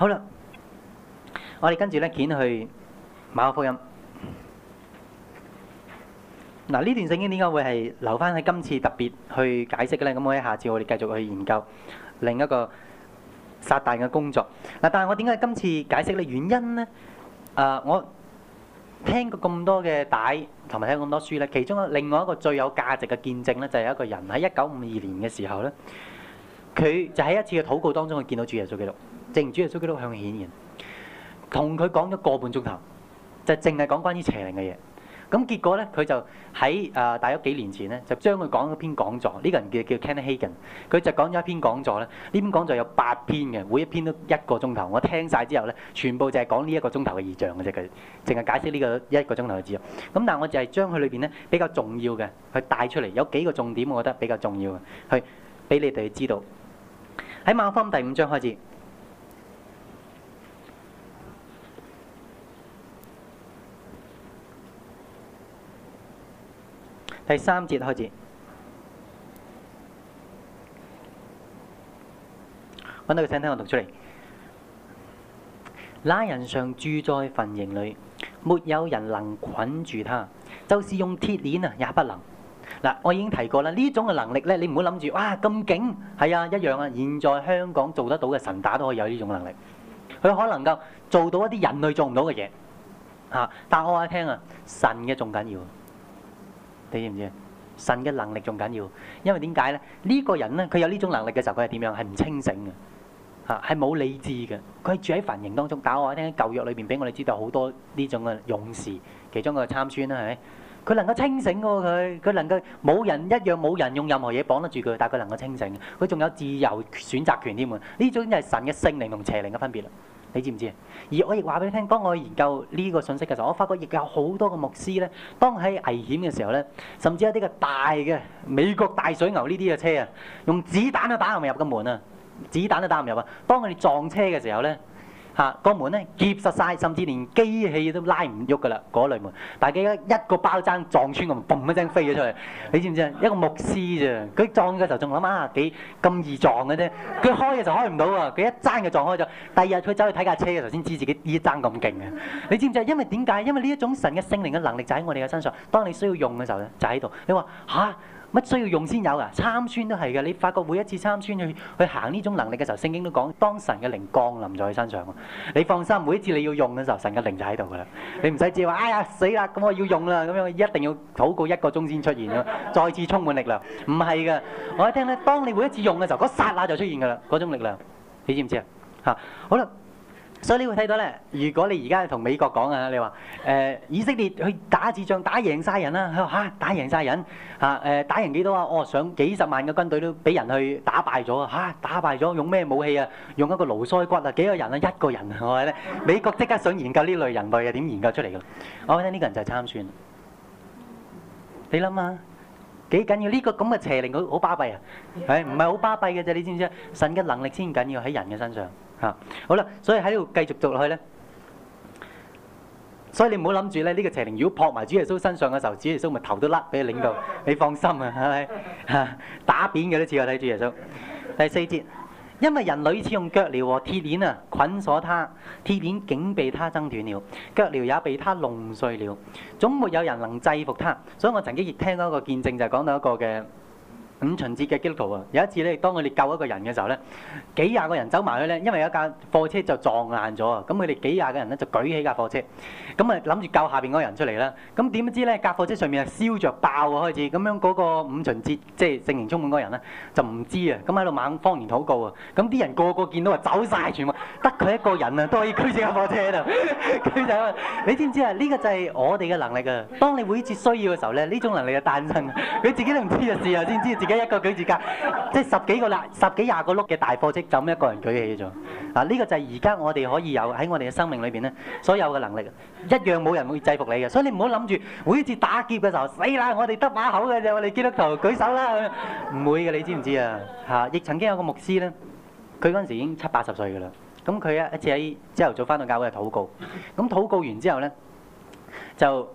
好啦，我哋跟住咧，捲去馬可福音嗱。呢段聖經點解會係留翻喺今次特別去解釋嘅咧？咁我喺下次我哋繼續去研究另一個撒但嘅工作嗱。但係我點解今次解釋咧原因咧？誒，我聽過咁多嘅帶同埋聽咁多書咧，其中嘅另外一個最有價值嘅見證咧，就係一個人喺一九五二年嘅時候咧，佢就喺一次嘅禱告當中，佢見到主耶穌基督。正主係耶穌基督向佢顯現，同佢講咗個半鐘頭，就淨係講關於邪靈嘅嘢。咁結果呢，佢就喺誒、呃、大約幾年前呢，就將佢講咗篇講座。呢、這個人叫叫 Ken Hagen，佢就講咗一篇講座咧。呢篇講座有八篇嘅，每一篇都一個鐘頭。我聽晒之後呢，全部就係講呢一個鐘頭嘅異象嘅啫。佢淨係解釋呢個一個鐘頭嘅異象。咁但係我就係將佢裏邊呢比較重要嘅，佢帶出嚟有幾個重點，我覺得比較重要嘅，去俾你哋知道喺馬可第五章開始。第三節開始，搵到個聲聽我讀出嚟。那人常住在墳營裏，沒有人能捆住他，就是用鐵鏈啊也不能。嗱，我已經提過啦，呢種嘅能力咧，你唔好諗住哇咁勁，係啊一樣啊。現在香港做得到嘅神打都可以有呢種能力，佢可能夠做到一啲人類做唔到嘅嘢啊！但我話你聽啊，神嘅仲緊要。你知唔知？神嘅能力仲緊要，因為點解咧？呢個人咧，佢有呢種能力嘅時候，佢係點樣？係唔清醒嘅，嚇係冇理智嘅。佢係住喺墳塋當中。但我話聽，喺舊約裏邊俾我哋知道好多呢種嘅勇士，其中個參孫啦，係咪？佢能夠清醒喎。佢，佢能夠冇人一樣，冇人用任何嘢綁得住佢，但係佢能夠清醒。佢仲有自由選擇權添喎。呢種就係神嘅聖靈同邪靈嘅分別啦。你知唔知啊？而我亦話俾你聽，當我研究呢個信息嘅時候，我發覺亦有好多嘅牧師呢。當喺危險嘅時候呢，甚至有啲個大嘅美國大水牛呢啲嘅車啊，用子彈都打唔入個門啊，子彈都打唔入啊，當佢哋撞車嘅時候呢。啊！嗰、那個、門咧夾實曬，甚至連機器都拉唔喐噶啦，嗰、那、類、個、門。但係佢一一個包踭撞穿咁，嘣一聲飛咗出去。你知唔知啊？一個牧師咋？佢撞嘅時候仲諗啊，幾咁易撞嘅啫。佢開嘅時候開唔到啊！佢一踭就撞開咗。第二日佢走去睇架車嘅時候，先知自己呢一踭咁勁嘅。你知唔知啊？因為點解？因為呢一種神嘅聖靈嘅能力就喺我哋嘅身上。當你需要用嘅時候咧，就喺度。你話嚇？啊。乜需要用先有噶？參孫都係嘅。你發覺每一次參孫去去行呢種能力嘅時候，聖經都講當神嘅靈降臨在佢身上。你放心，每一次你要用嘅時候，神嘅靈就喺度噶啦。你唔使只話，哎呀死啦，咁我要用啦，咁樣一定要禱告一個鐘先出現啊，再次充滿力量。唔係噶，我一聽咧，當你每一次用嘅時候，嗰剎那就出現噶啦，嗰種力量，你知唔知道啊？嚇，好啦。所以你會睇到咧，如果你而家同美國講啊，你話誒以色列去打仗打贏曬人啦，佢話嚇，打贏曬人嚇，誒打贏幾多啊？哦上幾十萬嘅軍隊都俾人去打敗咗啊，嚇，打敗咗用咩武器啊？用一個驢腮骨啊，幾個人啊，一個人，我話咧，美國即刻想研究呢類人類嘅，點研究出嚟㗎？我話咧呢個人就係參孫。你諗啊幾緊要呢個咁嘅邪靈好巴閉啊？係唔係好巴閉嘅啫？你知唔知啊？神嘅能力先緊要喺人嘅身上。啊，好啦，所以喺度繼續做落去咧，所以你唔好諗住咧，呢個邪靈如果撲埋主耶穌身上嘅時候，主耶穌咪頭都甩俾你領導，你放心啊，係咪？打扁嘅都似我睇住耶穌。第四節，因為人類似用腳鐐和鐵鏈啊捆鎖他，鐵鏈竟被他掙斷了，腳鐐也被他弄碎了，總沒有人能制服他。所以我曾經亦聽到一個見證，就係講到一個嘅。五旬節嘅基督徒啊，有一次咧，當佢哋救一個人嘅時候咧，幾廿個人走埋去咧，因為有架貨車就撞爛咗啊，咁佢哋幾廿個人咧就舉起架貨車，咁啊諗住救下邊嗰人出嚟啦，咁點知咧架貨車上面啊燒着爆啊開始，咁樣嗰個五旬節即係聖靈充滿嗰人咧就唔知啊，咁喺度猛方言禱告啊，咁啲人個個見到啊走晒，全部得佢一個人啊都可以推住架貨車度，佢就話：你知唔知啊？呢個就係我哋嘅能力啊！當你每次需要嘅時候咧，呢種能力就誕生，佢自己都唔知啊，試下先知。而家一個舉指格，即係十幾個粒、十幾廿個碌嘅大貨車，就咁一個人舉起嘅啫。嗱，呢個就係而家我哋可以有喺我哋嘅生命裏邊咧，所有嘅能力，一樣冇人會制服你嘅。所以你唔好諗住每一次打劫嘅時候死啦，我哋得把口嘅啫，我哋基督徒舉手啦，唔會嘅，你知唔知啊？嚇！亦曾經有個牧師咧，佢嗰陣時已經七八十歲嘅啦。咁佢啊，一次喺朝頭早翻到教會啊，禱告。咁禱告完之後咧，就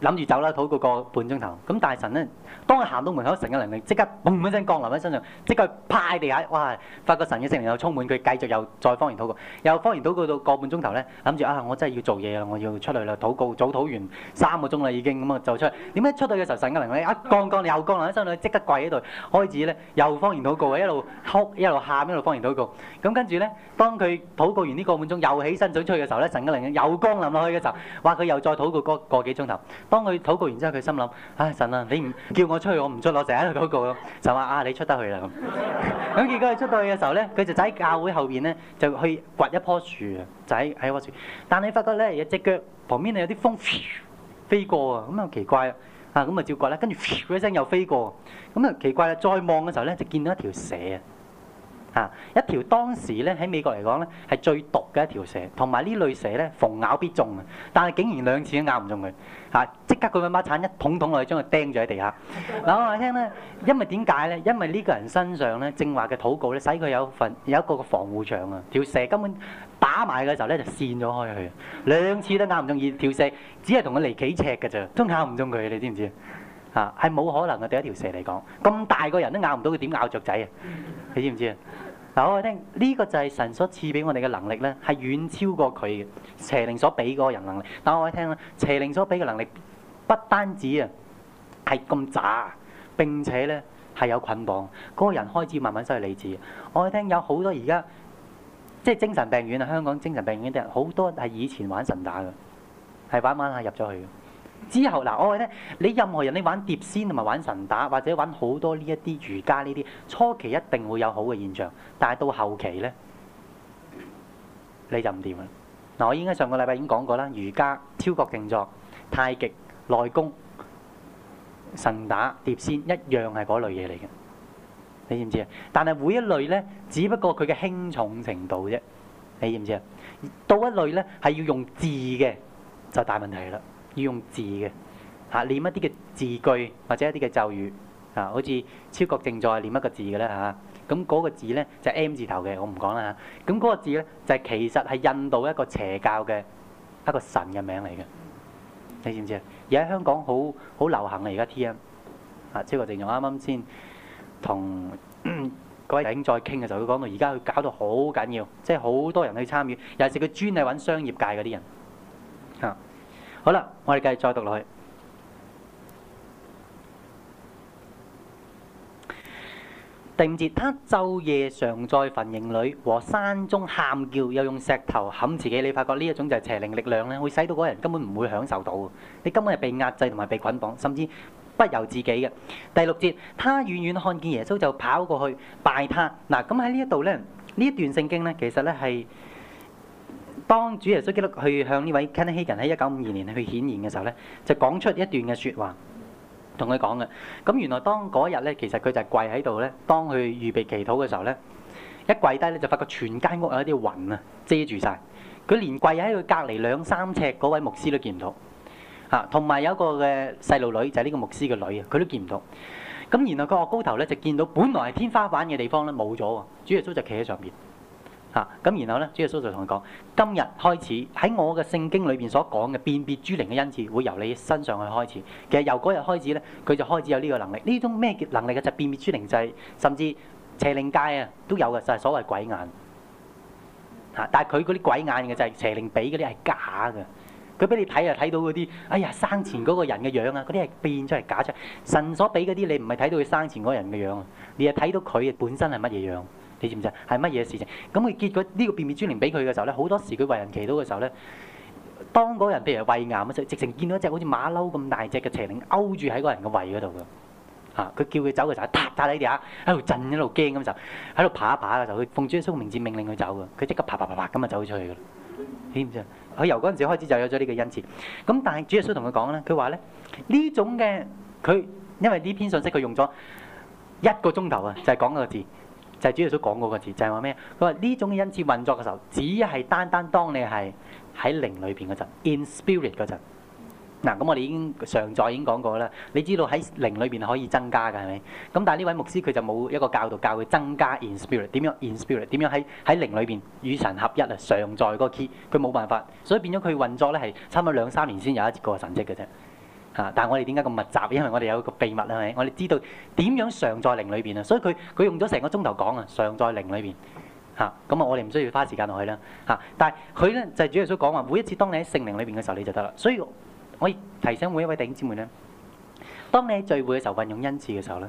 諗住走啦，禱告個半鐘頭。咁但係神咧。當佢行到門口，神嘅能力即刻嘣一聲降臨喺身上，即刻趴喺地下，哇！發覺神嘅聖靈又充滿佢，繼續又再方言禱告，又方言禱告到個半鐘頭咧，諗住啊，我真係要做嘢啦，我要出嚟啦，禱告早禱完三個鐘啦已經，咁啊就出去。點解出到嘅時候神嘅能力一降降，又降臨喺身上，即刻跪喺度，開始咧又方言禱告，一路哭一路喊一路方言禱告。咁跟住咧，當佢禱告完呢個半鐘，又起身想出去嘅時候咧，神嘅能力又降臨落去嘅時候，哇！佢又再禱告個個幾鐘頭。當佢禱告完之後，佢心諗：唉、哎，神啊，你唔叫我出去，我唔出攞，成日喺度嗰個咯，就話啊，你出得去啦咁。咁 [LAUGHS] 結果佢出到去嘅時候咧，佢就喺教會後邊咧，就去掘一棵樹啊，就喺喺挖樹。但你發覺咧，有隻腳旁邊有啲風飛過啊，咁啊奇怪啊，啊咁啊照掘啦。跟住一聲又飛過，咁啊奇怪啦。再望嘅時候咧，就見到一條蛇啊。嚇！一條當時咧喺美國嚟講咧係最毒嘅一條蛇，同埋呢類蛇咧逢咬必中啊！但係竟然兩次都咬唔中佢嚇，即刻佢把把鏟一桶桶落去將佢釘住喺地下嗱。我話你聽咧，因為點解咧？因為呢個人身上咧正話嘅禱告咧，使佢有份有一個個防護牆啊！條蛇根本打埋嘅時候咧就散咗開去，兩次都咬唔中。二條蛇只係同佢離幾尺嘅咋，都咬唔中佢，你知唔知啊？嚇，係冇可能嘅，對一條蛇嚟講，咁大個人都咬唔到佢點咬雀仔啊？你知唔知啊？嗱，我哋聽呢個就係神所賜俾我哋嘅能力咧，係遠超過佢嘅邪靈所俾嗰個人能力。但我哋聽咧，邪靈所俾嘅能力不單止啊，係咁渣，並且咧係有捆綁，嗰、那個人開始慢慢失去理智。我哋聽有好多而家即係精神病院啊，香港精神病院啲人好多係以前玩神打嘅，係玩玩下入咗去嘅。之後嗱，我話咧，你任何人你玩碟仙同埋玩神打，或者玩好多呢一啲瑜伽呢啲初期一定會有好嘅現象，但係到後期咧你就唔掂啦。嗱，我應該已經上個禮拜已經講過啦，瑜伽、超覺靜坐、太極、內功、神打、碟仙一樣係嗰類嘢嚟嘅，你知唔知啊？但係每一類咧，只不過佢嘅輕重程度啫，你知唔知啊？到一類咧係要用字嘅，就大問題啦。要用字嘅嚇，念、啊、一啲嘅字句或者一啲嘅咒語啊，好似超覺靜坐念一個字嘅啦嚇。咁、啊、嗰、那個字咧就係、M 字頭嘅，我唔講啦嚇。咁、啊、嗰、那個字咧就係、其實係印度一個邪教嘅一個神嘅名嚟嘅，你知唔知啊？而喺香港好好流行啊！而家 T M 啊，超覺靜坐啱啱先同嗰位兄再傾嘅時候，佢講到而家佢搞到好緊要，即係好多人去參與，尤其是佢專係揾商業界嗰啲人。好啦，我哋繼續再讀落去。第五節，他晝夜常在墳塋裏和山中喊叫，又用石頭砍自己。你發覺呢一種就係邪靈力量咧，會使到嗰人根本唔會享受到。你根本係被壓制同埋被捆綁，甚至不由自己嘅。第六節，他遠遠看見耶穌就跑過去拜他。嗱，咁喺呢一度呢，呢一段聖經呢，其實呢係。當主耶穌基督去向呢位 Kenneth Hagin 喺一九五二年去顯現嘅時候咧，就講出一段嘅説話，同佢講嘅。咁原來當嗰日咧，其實佢就係跪喺度咧，當佢預備祈禱嘅時候咧，一跪低咧就發覺全間屋有一啲雲啊遮住晒。佢連跪喺佢隔離兩三尺嗰位牧師都見唔到，嚇，同埋有個嘅細路女就係、是、呢個牧師嘅女啊，佢都見唔到。咁然後佢擱高頭咧就見到，本來係天花板嘅地方咧冇咗喎，主耶穌就企喺上邊。啊，咁然後咧，朱阿叔就同佢講：今日開始喺我嘅聖經裏邊所講嘅辨別諸靈嘅恩賜，會由你身上去開始。其實由嗰日開始咧，佢就開始有呢個能力。呢種咩能力嘅就係辨別諸靈，就係，甚至邪靈界啊都有嘅，就係所謂鬼眼。嚇、啊！但係佢嗰啲鬼眼嘅就係邪靈俾嗰啲係假嘅，佢俾你睇就睇到嗰啲，哎呀生前嗰個人嘅樣啊，嗰啲係變出嚟假出嚟。神所俾嗰啲你唔係睇到佢生前嗰人嘅樣，你係睇到佢本身係乜嘢樣。你知唔知啊？係乜嘢事情？咁佢結果呢個便秘邪靈俾佢嘅時候咧，好多時佢為人祈禱嘅時候咧，當嗰人譬如胃癌啊，直情見到一隻好似馬騮咁大隻嘅邪靈勾住喺嗰人嘅胃嗰度㗎。啊！佢叫佢走嘅時候，嗒嗒哋下，喺度震，喺度驚咁就喺度爬一爬啊，就佢奉主耶穌名字命令佢走㗎。佢即刻啪啪啪啪咁啊走咗 [MUSIC] 出去㗎。你知唔知啊？佢由嗰陣時開始就有咗呢個恩賜。咁但係主耶穌同佢講咧，佢話咧呢種嘅佢因為呢篇信息佢用咗一個鐘頭啊，就係、是、講嗰個字。就係主要所講嗰個字，就係話咩？佢話呢種恩賜運作嘅時候，只係單單當你係喺靈裏邊嗰陣，in spirit 嗰陣。嗱、啊，咁我哋已經常在已經講過啦。你知道喺靈裏邊可以增加嘅係咪？咁但係呢位牧師佢就冇一個教導教佢增加 in spirit 點樣？in spirit 點樣喺喺靈裏邊與神合一啊？常在嗰個 key 佢冇辦法，所以變咗佢運作咧係差唔多兩三年先有一個神跡嘅啫。嚇！但係我哋點解咁密集？因為我哋有一個秘密係咪？我哋知道點樣常在靈裏邊啊！所以佢佢用咗成個鐘頭講啊，常在靈裏邊嚇。咁啊，我哋唔需要花時間落去啦嚇、啊。但係佢咧就係、是、主要所講話，每一次當你喺聖靈裏邊嘅時候你就得啦。所以我提醒每一位弟兄姊妹咧，當你喺聚會嘅時候運用恩賜嘅時候咧。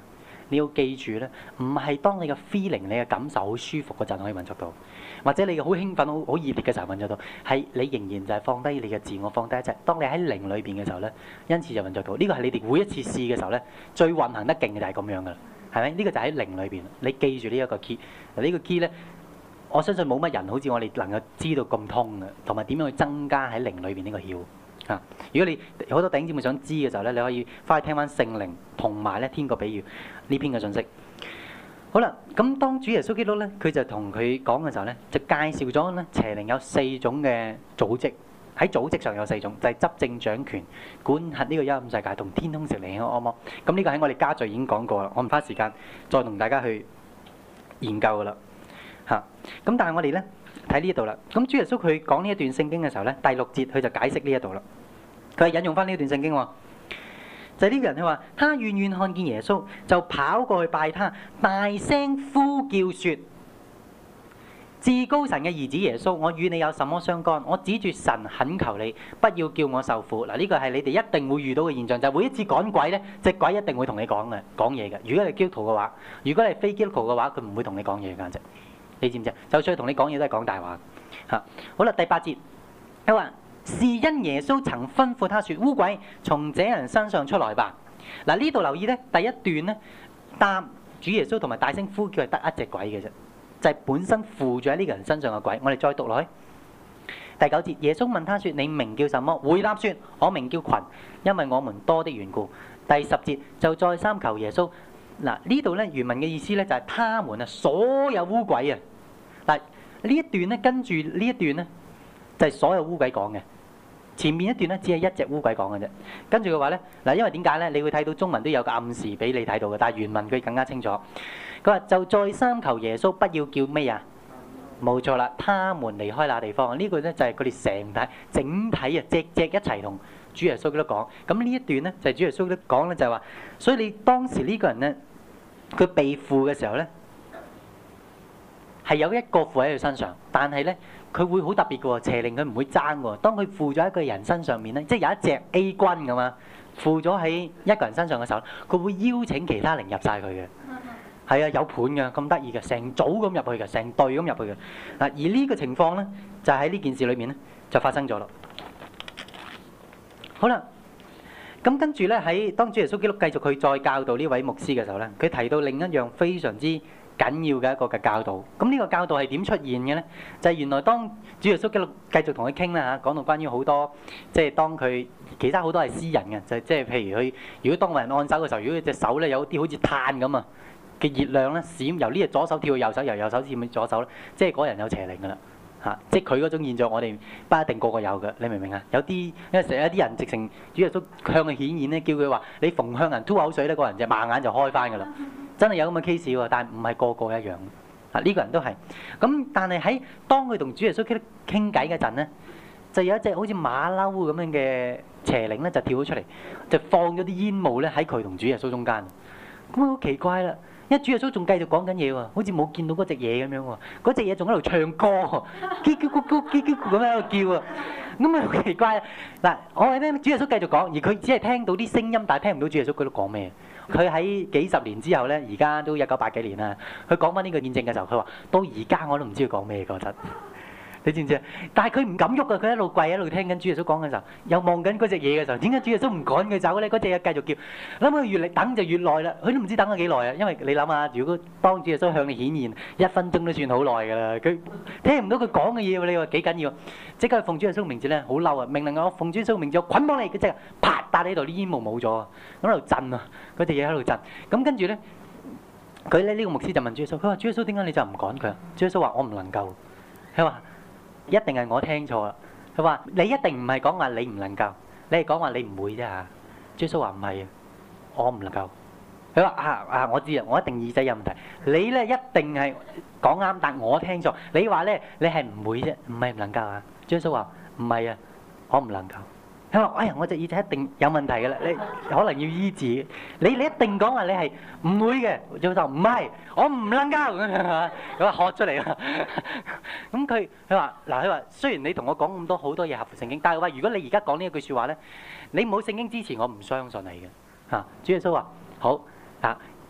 你要記住咧，唔係當你嘅 feeling 你嘅感受好舒服嗰陣可以運作到，或者你好興奮、好熱烈嘅時候運作到，係你仍然就係放低你嘅自我，放低一切。當你喺零裏邊嘅時候咧，因此就運作到。呢個係你哋每一次試嘅時候咧，最運行得勁嘅就係咁樣噶啦，係咪？呢個就喺零裏邊。你記住呢一個 key，呢個 key 咧，我相信冇乜人好似我哋能夠知道咁通嘅，同埋點樣去增加喺零裏邊呢個要啊。如果你好多弟兄姐妹想知嘅時候咧，你可以翻去聽翻聖靈，同埋咧天國比喻。呢篇嘅信息，好啦，咁當主耶穌基督咧，佢就同佢講嘅時候咧，就介紹咗咧邪靈有四種嘅組織，喺組織上有四種，就係執政掌權管轄呢個幽暗世界同天空邪靈嘅惡魔。咁呢個喺我哋家聚已經講過啦，我唔花時間再同大家去研究噶啦。吓，咁但係我哋咧睇呢度啦。咁主耶穌佢講呢一段聖經嘅時候咧，第六節佢就解釋呢一度啦。佢係引用翻呢一段聖經喎。就係呢個人，佢話：他遠遠看見耶穌，就跑過去拜他，大聲呼叫說：至高神嘅兒子耶穌，我與你有什麼相干？我指住神，懇求你不要叫我受苦。嗱，呢個係你哋一定會遇到嘅現象，就係、是、每一次趕鬼咧，隻、那個、鬼一定會同你講嘅，講嘢嘅。如果係基督徒嘅話，如果係非基督徒嘅話，佢唔會同你講嘢嘅，簡直，你知唔知？就算佢同你講嘢都係講大話。嚇！好啦，第八節，是因耶穌曾吩咐他說：污鬼從這人身上出來吧。嗱，呢度留意呢第一段呢，答主耶穌同埋大聲呼叫，係得一隻鬼嘅啫，就係本身附住喺呢個人身上嘅鬼。我哋再讀落去。第九節，耶穌問他說：你名叫什麼？回答說：我名叫群，因為我們多的緣故。第十節就再三求耶穌。嗱，呢度呢原文嘅意思呢，就係他們啊所有污鬼啊。嗱，呢一段呢，跟住呢一段呢，就係所有污鬼講嘅。前面一段咧，只係一隻烏鬼講嘅啫。跟住嘅話咧，嗱，因為點解咧？你會睇到中文都有個暗示俾你睇到嘅，但係原文佢更加清楚。佢話就再三求耶穌不要叫咩啊？冇錯啦，他們離開那地方。這個、呢個咧就係佢哋成體整體啊，隻隻一齊同主耶穌都講。咁呢一段咧，就係、是、主耶穌都講咧，就係、是、話，所以你當時呢個人咧，佢被附嘅時候咧，係有一個附喺佢身上，但係咧。佢會好特別嘅喎，邪靈佢唔會爭嘅喎。當佢附咗喺一個人身上面咧，即係有一隻 A 君咁啊，附咗喺一個人身上嘅時候，佢會邀請其他靈入晒佢嘅。係啊，有盤嘅，咁得意嘅，成組咁入去嘅，成隊咁入去嘅。嗱，而呢個情況咧，就喺呢件事裏面咧，就發生咗咯。好啦，咁跟住咧，喺當主耶穌基督繼續佢再教導呢位牧師嘅時候咧，佢提到另一樣非常之緊要嘅一個嘅教導，咁呢個教導係點出現嘅咧？就係、是、原來當主耶穌繼續同佢傾啦嚇，講到關於好多即係當佢其他好多係私人嘅，就即、是、係譬如佢如果當個人按手嘅時候，如果佢隻手咧有啲好似炭咁啊嘅熱量咧閃，由呢隻左手跳去右手，由右手閃去左手咧，即係嗰人有邪靈噶啦嚇，即係佢嗰種現象，我哋不一定個個有嘅，你明唔明啊？有啲因為成日有啲人直情主耶穌向佢顯現咧，叫佢話你逢向人吐口水咧，嗰人就盲眼就開返噶啦。真係有咁嘅 case 喎，但係唔係個個一樣。啊，呢個人都係咁，但係喺當佢同主耶穌傾偈嗰陣咧，就有一隻好似馬騮咁樣嘅邪靈咧，就跳咗出嚟，就放咗啲煙霧咧喺佢同主耶穌中間。咁好奇怪啦！因為主耶穌仲繼續講緊嘢喎，好似冇見到嗰隻嘢咁樣喎。嗰隻嘢仲喺度唱歌，咕咕咕咕咕咕咁喺度叫啊！咁啊好奇怪啊！嗱，我哋咧主耶穌繼續講，而佢只係聽到啲聲音，但係聽唔到主耶穌佢喺度講咩。佢喺幾十年之後咧，而家都一九八幾年啦。佢講翻呢個見證嘅時候，佢話：到而家我都唔知佢講咩覺得。」你知唔知啊？但係佢唔敢喐啊，佢一路跪一路聽緊主耶穌講嘅時候，又望緊嗰隻嘢嘅時候，點解主耶穌唔趕佢走咧？嗰隻嘢繼續叫，諗佢越嚟等就越耐啦。佢都唔知等咗幾耐啊！因為你諗下，如果當主耶穌向你顯現，一分鐘都算好耐㗎啦。佢聽唔到佢講嘅嘢喎，你話幾緊要？即刻去奉主耶穌名字咧，好嬲啊！命令我奉主耶穌名字，我捆綁你嗰隻，啪！但係呢度啲煙霧冇咗啊，喺度震啊，嗰隻嘢喺度震。咁跟住咧，佢咧呢個牧師就問主耶穌：佢話主耶穌點解你就唔趕佢？主耶穌話：我唔能夠。佢話。一定係我聽錯啦！佢話，你一定唔係講話你唔能夠，你係講話你唔會啫吓。耶穌話唔係啊，我唔能夠。佢話，啊啊，我知啊，我一定耳仔有問題。你咧一定係講啱，但我聽錯。你話咧，你係唔會啫，唔係唔能夠啊。耶穌話唔係啊，我唔能夠。佢話：哎呀，我隻耳仔一定有問題嘅啦，你可能要醫治。你你一定講話你係唔會嘅。耶穌唔係，我唔能夠，佢話喝出嚟啦。咁佢佢話：嗱，佢話雖然你同我講咁多好多嘢合乎聖經，但係話如果你而家講呢一句説話咧，你冇聖經支持，我唔相信你嘅。嚇，主耶穌話好。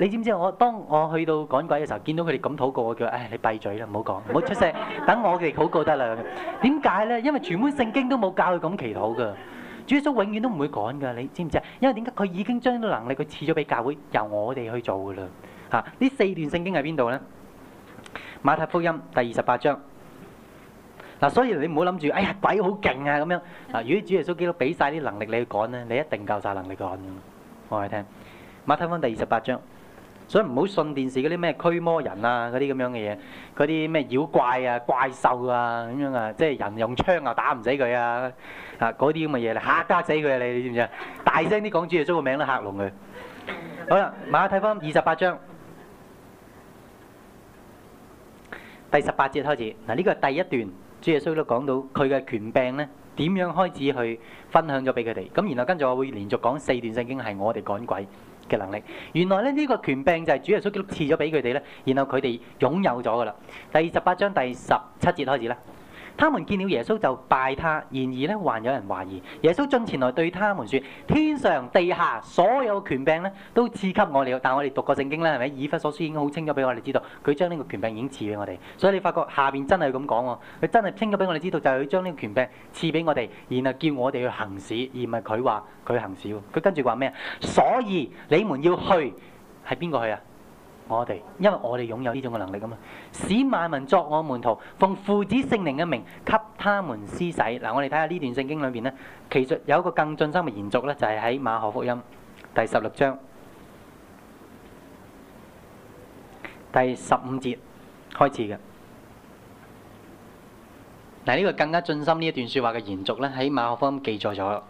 你知唔知啊？我當我去到趕鬼嘅時候，見到佢哋咁禱告，我叫佢，誒，你閉嘴啦，唔好講，唔好出聲，等我哋禱告得啦。點解咧？因為全本聖經都冇教佢咁祈禱噶。主耶穌永遠都唔會趕噶，你知唔知啊？因為點解佢已經將啲能力佢賜咗俾教會，由我哋去做噶啦。嚇，呢四段聖經喺邊度咧？馬太福音第二十八章。嗱，所以你唔好諗住，哎呀，鬼好勁啊，咁樣。嗱，如果主耶穌基督俾曬啲能力你去趕咧，你一定夠曬能力趕。我哋聽馬太福音第二十八章。所以唔好信電視嗰啲咩驅魔人啊，嗰啲咁樣嘅嘢，嗰啲咩妖怪啊、怪獸啊咁樣啊，即係人用槍啊打唔死佢啊，啊嗰啲咁嘅嘢，嚇都嚇死佢啊！你，你知唔知啊？大聲啲講，主耶穌個名都嚇聾佢。好啦，馬太睇翻二十八章，第十八節開始。嗱，呢個係第一段，主耶穌都講到佢嘅權柄咧，點樣開始去分享咗俾佢哋。咁然後跟住我會連續講四段聖經係我哋趕鬼嘅能力，原來咧，呢個權柄就係主耶穌給賜咗俾佢哋咧，然後佢哋擁有咗噶啦。第二十八章第十七節開始啦。他們見了耶穌就拜他，然而咧，還有人懷疑。耶穌進前來對他們說：天上地下所有權柄咧，都賜給我哋。但我哋讀過聖經咧，係咪？以弗所書已經好清楚俾我哋知道，佢將呢個權柄已經賜俾我哋。所以你發覺下邊真係咁講喎，佢真係清咗俾我哋知道，就係、是、佢將呢個權柄賜俾我哋，然後叫我哋去行使，而唔係佢話佢行使。佢跟住話咩啊？所以你們要去，係邊個去啊？我哋，因為我哋擁有呢種嘅能力啊嘛，使萬民作我門徒，奉父子聖靈嘅名給他們施洗。嗱，我哋睇下呢段聖經裏邊咧，其實有一個更進心嘅延續咧，就係喺馬可福音第十六章第十五節開始嘅。嗱，呢個更加進心呢一段説話嘅延續咧，喺馬可福音記載咗。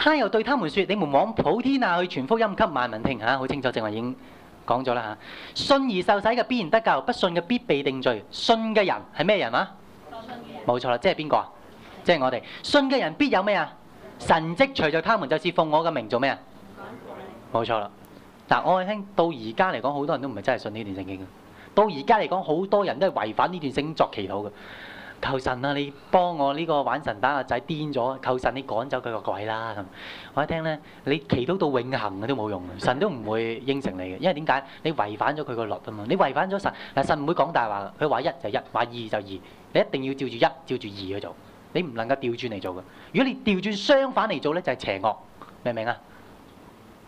他又對他們説：你們往普天下去傳福音，給萬民聽嚇。好清楚，正話已經，講咗啦嚇，信而受洗嘅必然得救，不信嘅必被定罪。信嘅人係咩人啊？冇錯啦，即係邊個啊？即係我哋信嘅人必有咩啊？神蹟隨着他們，就是奉我嘅名做咩啊？冇錯啦。嗱，但我哋聽到而家嚟講，好多人都唔係真係信呢段聖經嘅。到而家嚟講，好多人都係違反呢段聖經作祈禱嘅。求神啊！你幫我呢個玩神打個仔癲咗，求神你趕走佢個鬼啦咁。我一聽咧，你祈禱到永恆嘅都冇用，神都唔會應承你嘅，因為點解？你違反咗佢個律啊嘛！你違反咗神，但神唔會講大話，佢話一就一，話二就二，你一定要照住一，照住二去做，你唔能夠調轉嚟做嘅。如果你調轉相反嚟做咧，就係邪惡，明唔明啊？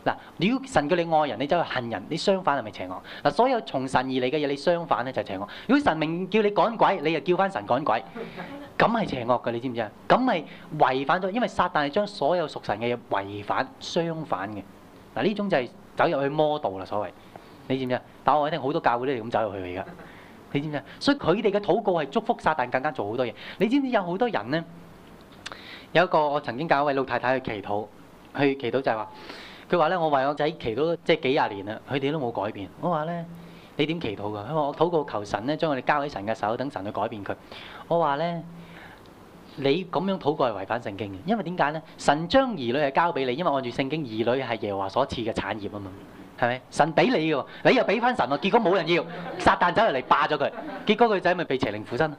嗱，如果神叫你愛人，你走去恨人，你相反係咪邪惡？嗱，所有從神而嚟嘅嘢，你相反咧就係邪惡。如果神明叫你趕鬼，你又叫翻神趕鬼，咁係邪惡嘅，你知唔知啊？咁係違反咗，因為撒旦係將所有屬神嘅嘢違反相反嘅嗱。呢種就係走入去魔道啦，所謂你知唔知啊？但我一定好多教會都係咁走入去而家，你知唔知啊？所以佢哋嘅禱告係祝福撒旦更加做好多嘢。你知唔知有好多人咧？有一個我曾經教一位老太太去祈禱，去祈禱就係話。佢話咧，我為我仔祈禱，即係幾廿年啦，佢哋都冇改變。我話咧，你點祈禱噶？佢話我禱告求神咧，將我哋交喺神嘅手，等神去改變佢。我話咧，你咁樣禱告係違反聖經嘅，因為點解咧？神將兒女係交俾你，因為按住聖經，兒女係耶和華所賜嘅產業啊嘛，係咪？神俾你嘅喎，你又俾翻神喎，結果冇人要，撒但走入嚟霸咗佢，結果個仔咪被邪靈附身。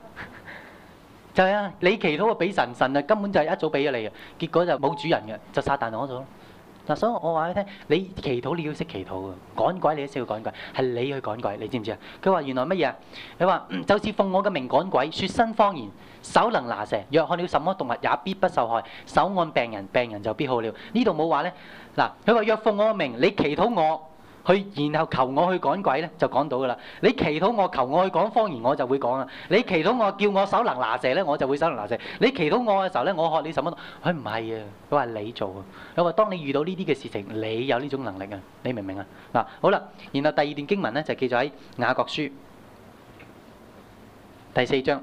就係啊，你祈禱啊俾神，神啊根本就係一早俾咗你嘅，結果就冇主人嘅，就撒但攞咗。嗱，所以我話你聽，你祈禱你要識祈禱嘅，趕鬼你都要識趕鬼，係你去趕鬼，你知唔知啊？佢話原來乜嘢啊？佢話就是奉我嘅名趕鬼，說新方言，手能拿蛇，若看了什麼動物也必不受害，手按病人，病人就必好了。呢度冇話咧，嗱，佢話若奉我嘅名，你祈禱我。佢然後求我去趕鬼咧，就講到噶啦。你祈禱我，求我去講方言我、啊我我，我就會講啦。你祈禱我叫我手能拿蛇咧，我就會手能拿蛇。你祈禱我嘅時候咧，我學你什麼？佢唔係啊，佢話你做啊。佢話當你遇到呢啲嘅事情，你有呢種能力啊。你明唔明啊？嗱、啊，好啦，然後第二段經文咧就記在喺雅各書第四章。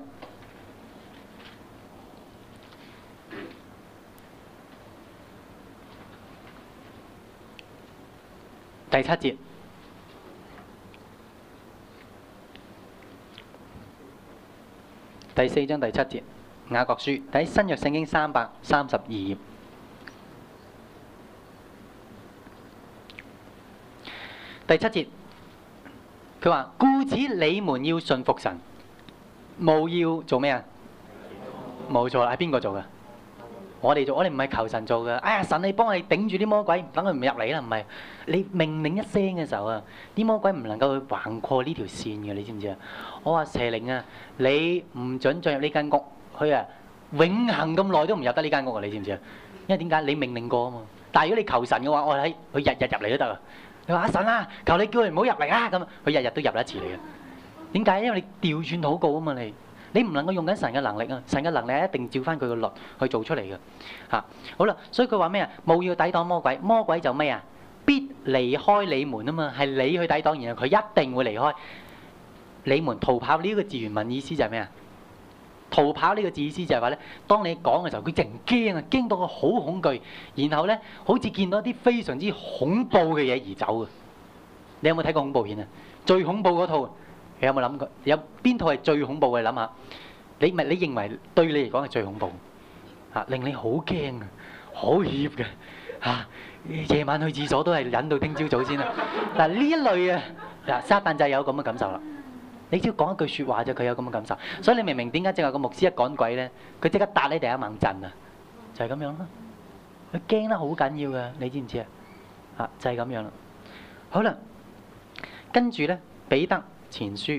第七節，第四章第七節，雅各書喺新約聖經三百三十二頁。第七節，佢話，故此你們要信服神，冇要做咩啊？冇錯啦，係邊個做噶？我哋做，我哋唔係求神做嘅。哎呀，神你幫我哋頂住啲魔鬼，等佢唔入嚟啦。唔係你命令一聲嘅時候啊，啲魔鬼唔能夠去橫過呢條線嘅，你知唔知啊？我話邪靈啊，你唔准進入呢間屋，佢啊，永恆咁耐都唔入得呢間屋啊，你知唔知啊？因為點解？你命令過啊嘛。但係如果你求神嘅話，我睇佢日日入嚟都得啊。你話阿神啊，求你叫佢唔好入嚟啊咁，佢日日都入一次嚟嘅。點解？因為你調轉禱告啊嘛，你。你唔能夠用緊神嘅能力啊！神嘅能力一定照翻佢個律去做出嚟嘅嚇。好啦，所以佢話咩啊？冇要抵擋魔鬼，魔鬼就咩啊？必離開你們啊嘛，係你去抵擋，然後佢一定會離開你們。逃跑呢個字原文意思就係咩啊？逃跑呢個字意思就係話咧，當你講嘅時候，佢淨驚啊，驚到佢好恐懼，然後咧好似見到一啲非常之恐怖嘅嘢而走嘅。你有冇睇過恐怖片啊？最恐怖嗰套。你有冇諗過？有邊套係最恐怖嘅？諗下，你咪你認為對你嚟講係最恐怖嚇，令你好驚嘅，好怯嘅嚇。夜晚去廁所都係忍到聽朝早先啦。嗱，呢一類啊，嗱，撒旦就有咁嘅感受啦。你只要講一句説話，就佢有咁嘅感受。所以你明唔明點解正話個牧師一趕鬼咧，佢即刻打你第一猛陣啊，就係咁樣啦。佢驚得好緊要嘅，你知唔知啊？嚇就係咁樣啦。好啦，跟住咧彼得。前書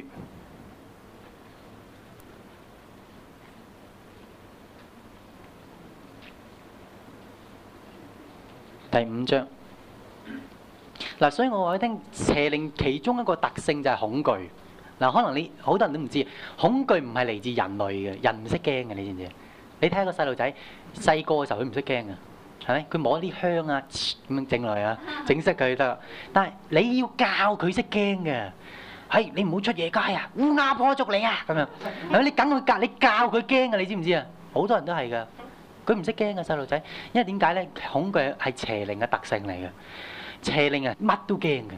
第五章嗱，所以我話你聽，邪靈其中一個特性就係恐懼嗱。可能你好多人都唔知，恐懼唔係嚟自人類嘅，人唔識驚嘅，你知唔知？你睇下個細路仔細個嘅時候，佢唔識驚嘅，係咪？佢摸啲香啊，咁樣整嚟啊，整識佢得啦。但係你要教佢識驚嘅。係你唔好出夜街啊！烏鴉婆捉你啊！咁樣係咪你等佢隔離教佢驚啊？你知唔知啊？好多人都係㗎，佢唔識驚噶細路仔，因為點解咧？恐懼係邪靈嘅特性嚟嘅，邪靈啊乜都驚嘅，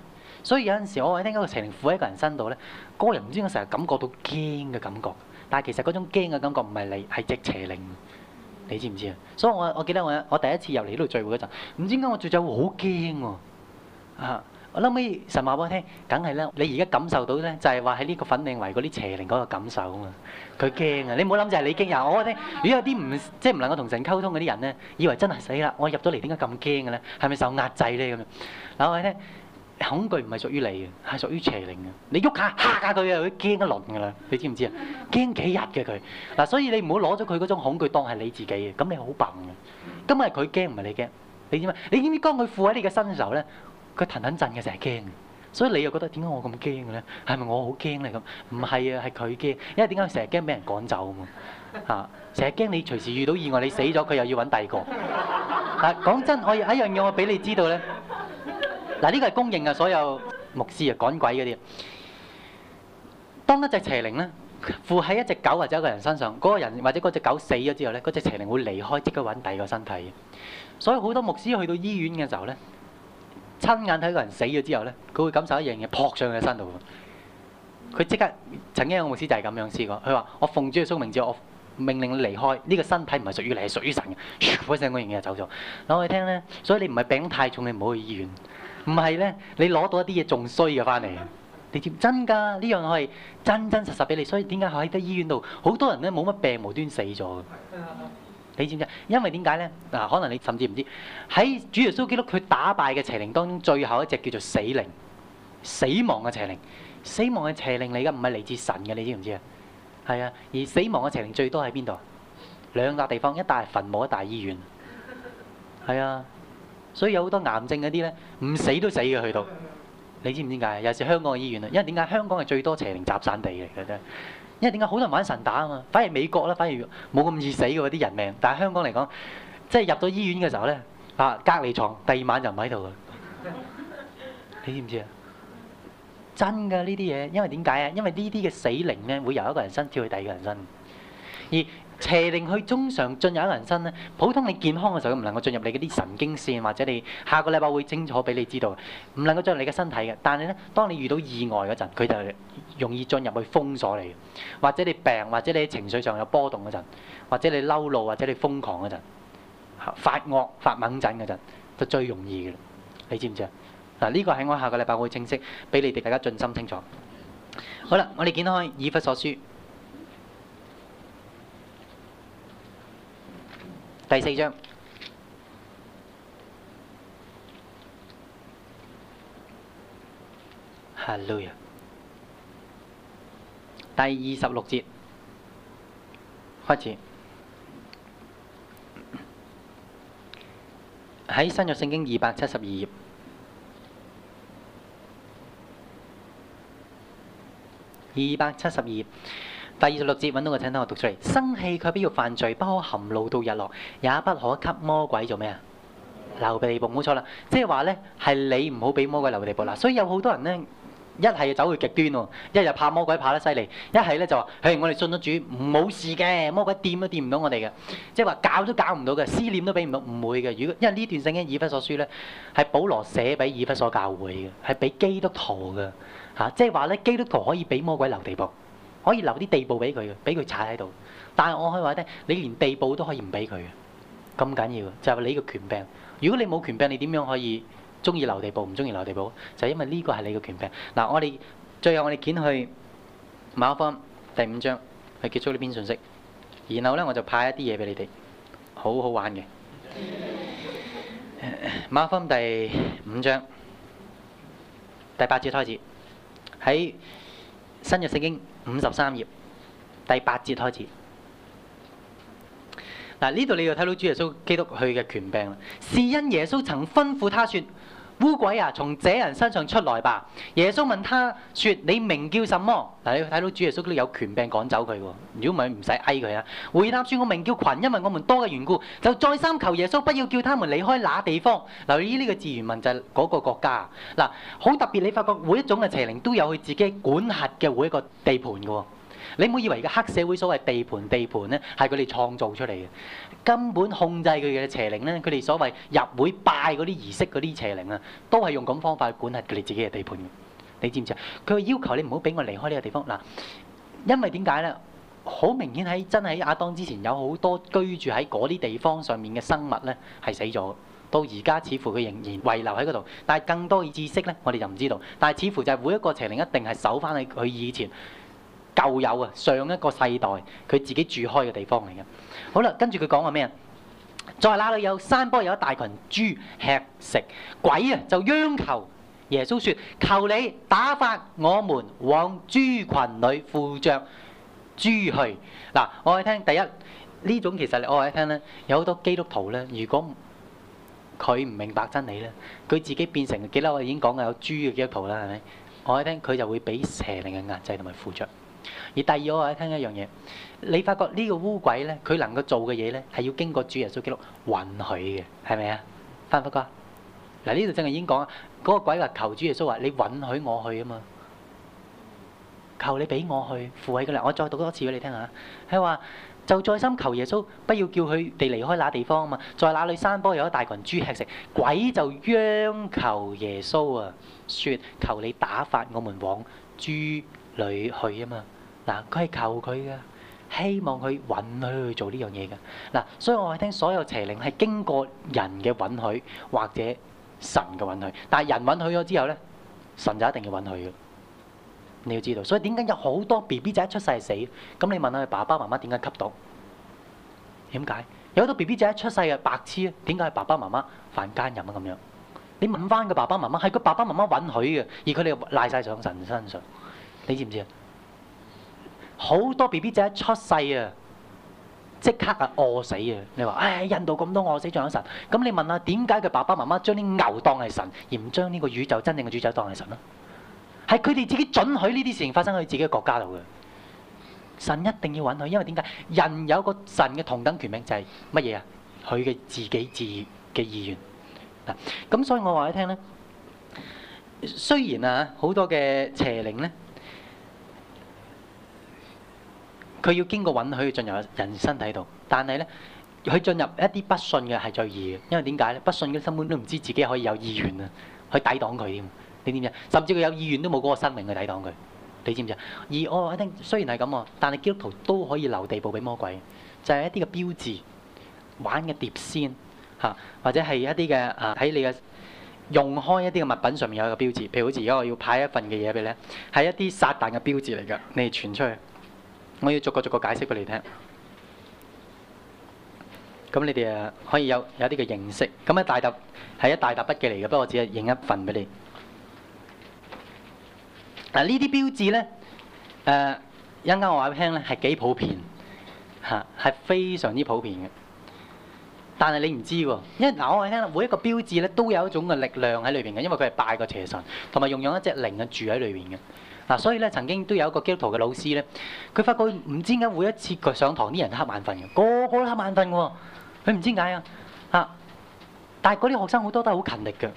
所以有陣時我喺聽嗰個邪靈附喺一個人身度咧，嗰個人唔知點解成日感覺到驚嘅感覺，但係其實嗰種驚嘅感覺唔係你，係隻邪靈，你知唔知啊？所以我我記得我我第一次入嚟呢度聚會嗰陣，唔知點解我聚會好驚喎啊！我諗唔可以神話我聽，梗係啦！你而家感受到咧，就係話喺呢個粉嶺圍嗰啲邪靈嗰個感受啊嘛。佢驚啊！你唔好諗就係你驚啊！我話你，如果有啲唔即係唔能夠同神溝通嗰啲人咧，以為真係死啦！我入咗嚟點解咁驚嘅咧？係咪受壓制咧咁樣？嗱，我話你，恐懼唔係屬於你嘅，係屬於邪靈嘅。你喐下嚇下佢，佢驚一輪嘅啦。你知唔知啊？驚幾日嘅佢嗱，所以你唔好攞咗佢嗰種恐懼當係你自己嘅。咁你好笨嘅，今日佢驚唔係你驚，你知嘛？你點解當佢附喺你嘅身嘅時候咧？佢騰騰震嘅，成日驚，所以你又覺得點解我咁驚嘅咧？係咪我好驚咧？咁唔係啊，係佢驚，因為點解成日驚俾人趕走啊嘛？成日驚你隨時遇到意外，你死咗，佢又要揾第二個。嗱、 [LAUGHS] 啊，講真，我一樣嘢我俾你知道咧。嗱、啊，呢個係公認嘅，所有牧師啊，趕鬼嗰啲，當一隻邪靈咧附喺一隻狗或者一個人身上，嗰、嗰個人或者嗰隻狗死咗之後咧，嗰隻邪靈會離開，即刻揾第二個身體。所以好多牧師去到醫院嘅時候咧。親眼睇一個人死咗之後咧，佢會感受一樣嘢撲上佢嘅身度。佢即刻曾經有個牧師就係咁樣試過。佢話：我奉主嘅聖名，我命令你離開呢個身體，唔係屬於你，係屬於神嘅。嗰聲我樣嘢走咗。諗佢聽咧，所以你唔係病太重，你唔好去醫院。唔係咧，你攞到一啲嘢仲衰嘅翻嚟。你知真㗎？呢樣我係真真實實俾你。所以點解喺而家醫院度好多人咧冇乜病無端死咗嘅？你知唔知？因為點解咧？嗱、啊，可能你甚至唔知喺主耶穌基督佢打敗嘅邪靈當中，最後一隻叫做死靈、死亡嘅邪靈、死亡嘅邪靈嚟嘅，唔係嚟自神嘅，你知唔知啊？係啊，而死亡嘅邪靈最多喺邊度？兩笪地方，一笪係墳墓，一笪係醫院。係啊，所以有好多癌症嗰啲咧，唔死都死嘅去到。你知唔知點解？有時香港嘅醫院啦，因為點解？香港係最多邪靈集散地嚟嘅啫。因為點解好多人玩神打啊嘛？反而美國咧，反而冇咁易死嘅啲人命。但係香港嚟講，即係入到醫院嘅時候咧，啊隔離床，第二晚就唔喺度啦。你知唔知啊？真嘅呢啲嘢，因為點解啊？因為呢啲嘅死靈咧，會由一個人身跳去第二個人身。而邪靈去中上進入人身咧，普通你健康嘅時候唔能夠進入你嗰啲神經線，或者你下個禮拜會清楚俾你知道，唔能夠進入你嘅身體嘅。但係咧，當你遇到意外嗰陣，佢就容易進入去封鎖你，或者你病，或者你喺情緒上有波動嗰陣，或者你嬲怒，或者你瘋狂嗰陣，發惡、發猛疹嗰陣，就最容易嘅，你知唔知啊？嗱，呢個喺我下個禮拜會正式俾你哋大家盡心清楚。好啦，我哋見開，以弗所書。第四章，哈利啊，第二十六節開始，喺新約聖經二百七十二頁，二百七十二頁。第二十六節揾到個請等我讀出嚟，生氣卻不要犯罪，不可含怒到日落，也不可給魔鬼做咩啊？留地步冇錯啦，即係話咧，係你唔好俾魔鬼留地步嗱。所以有好多人咧，一係走去極端喎，一係怕魔鬼怕得犀利，一係咧就話：，嘿，我哋信咗主唔冇事嘅，魔鬼掂都掂唔到我哋嘅，即係話搞都搞唔到嘅，思念都俾唔到，唔會嘅。如果因為呢段聖經以弗所書咧，係保羅寫俾以弗所教會嘅，係俾基督徒嘅，嚇、啊，即係話咧，基督徒可以俾魔鬼留地步。可以留啲地步俾佢嘅，俾佢踩喺度。但係，我可以話咧，你連地步都可以唔俾佢嘅咁緊要，就係、是、你個權柄。如果你冇權柄，你點樣可以中意留地步，唔中意留地步？就係因為呢個係你個權柄。嗱。我哋最後我哋檢去馬可福音第五章去結束呢篇信息，然後咧我就派一啲嘢俾你哋，好好玩嘅。Yeah. 馬可福音第五章第八節開始喺新約聖經。五十三頁第八節開始。嗱，呢度你就睇到主耶穌基督佢嘅權柄啦。是因耶穌曾吩咐他說。烏鬼啊，從這人身上出來吧！耶穌問他說：你名叫什麼？嗱，你睇到主耶穌都有權柄趕走佢喎。如果唔係唔使嗌佢啊！回答說，我名叫群，因為我們多嘅緣故，就再三求耶穌不要叫他們離開那地方。留意呢個字原文就係嗰個國家嗱，好特別，你發覺每一種嘅邪靈都有佢自己管轄嘅每一個地盤嘅喎。你唔好以為個黑社會所謂地盤地盤咧，係佢哋創造出嚟嘅。根本控制佢嘅邪靈咧，佢哋所謂入會拜嗰啲儀式嗰啲邪靈啊，都係用咁方法去管轄佢哋自己嘅地盤嘅。你知唔知啊？佢要求你唔好俾佢離開呢個地方嗱，因為點解咧？好明顯喺真係亞當之前有好多居住喺嗰啲地方上面嘅生物咧，係死咗。到而家似乎佢仍然遺留喺嗰度，但係更多嘅知識咧，我哋就唔知道。但係似乎就係每一個邪靈一定係守翻佢佢以前舊友啊，上一個世代佢自己住開嘅地方嚟嘅。好啦，跟住佢講話咩啊？在那裏有山坡，有一大群豬吃食。鬼啊，就央求耶穌説：求你打發我們往豬群裏附着豬去嗱。我喺聽第一呢種，其實我話你聽咧，有好多基督徒咧，如果佢唔明白真理咧，佢自己變成幾粒我已經講嘅有豬嘅基督徒啦，係咪？我喺聽佢就會俾邪靈嘅壓制同埋附着。而第二，我喺聽一樣嘢，你發覺這個呢個污鬼咧，佢能夠做嘅嘢咧，係要經過主耶穌基督允許嘅，係咪啊？發唔發覺？嗱，呢度正係已經講啊，嗰、那個鬼話求主耶穌話，你允許我去啊嘛，求你俾我去，附喺嗰度。我再讀多次俾你聽下，佢話就再三求耶穌，不要叫佢哋離開那地方啊嘛，在那裏山坡有一大群豬吃食，鬼就央求耶穌啊，說求你打發我們往豬。裏去啊嘛，嗱，佢係求佢嘅，希望佢允許去做呢樣嘢嘅，嗱。所以我係聽所有邪靈係經過人嘅允許或者神嘅允許，但係人允許咗之後咧，神就一定要允許嘅。你要知道，所以點解有好多 B B 仔一出世死？咁你問下佢爸爸媽媽點解吸毒？點解有好多 B B 仔一出世啊白痴啊？點解係爸爸媽媽犯奸淫啊？咁樣你問翻佢爸爸媽媽，係佢爸爸媽媽允許嘅，而佢哋賴晒上神身上。你知唔知啊？好多 B B 仔一出世啊，即刻啊餓死啊！你話唉、哎，印度咁多餓死仲有神？咁你問下點解佢爸爸媽媽將啲牛當係神，而唔將呢個宇宙真正嘅主宰當係神咯？係佢哋自己准許呢啲事情發生喺自己嘅國家度嘅。神一定要准許，因為點解人有個神嘅同等權柄就係乜嘢啊？佢嘅自己自嘅意願。咁所以我話你聽咧，雖然啊好多嘅邪靈咧。佢要經過允許進入人身體度，但係咧，佢進入一啲不信嘅係最易嘅，因為點解咧？不信嘅根本都唔知自己可以有意願啊，去抵擋佢添，你知唔知？甚至佢有意願都冇嗰個生命去抵擋佢，你知唔知啊？而我話一定雖然係咁喎，但係基督徒都可以留地步俾魔鬼，就係一啲嘅標誌、玩嘅碟仙嚇，或者係一啲嘅誒喺你嘅用開一啲嘅物品上面有一個標誌，譬如好似而家我要派一份嘅嘢俾你，係一啲撒但嘅標誌嚟㗎，你哋傳出去。我要逐個逐個解釋俾你聽。咁你哋誒可以有有啲嘅認識。咁一大沓係一大沓筆記嚟嘅，不過我只係影一份俾你。嗱，呢啲標誌咧，一陣間我話俾你聽咧係幾普遍，嚇係非常之普遍嘅。但係你唔知喎，因為嗱，我話你聽啦，每一個標誌咧都有一種嘅力量喺裏邊嘅，因為佢係拜個邪神，同埋用用一隻靈啊住喺裏邊嘅。嗱，所以咧曾經都有一個基督徒嘅老師咧，佢發覺唔知點解每一次佢上堂啲人都瞌眼瞓嘅，個個都瞌眼瞓嘅，佢唔知點解啊？啊！但係嗰啲學生好多都係好勤力嘅，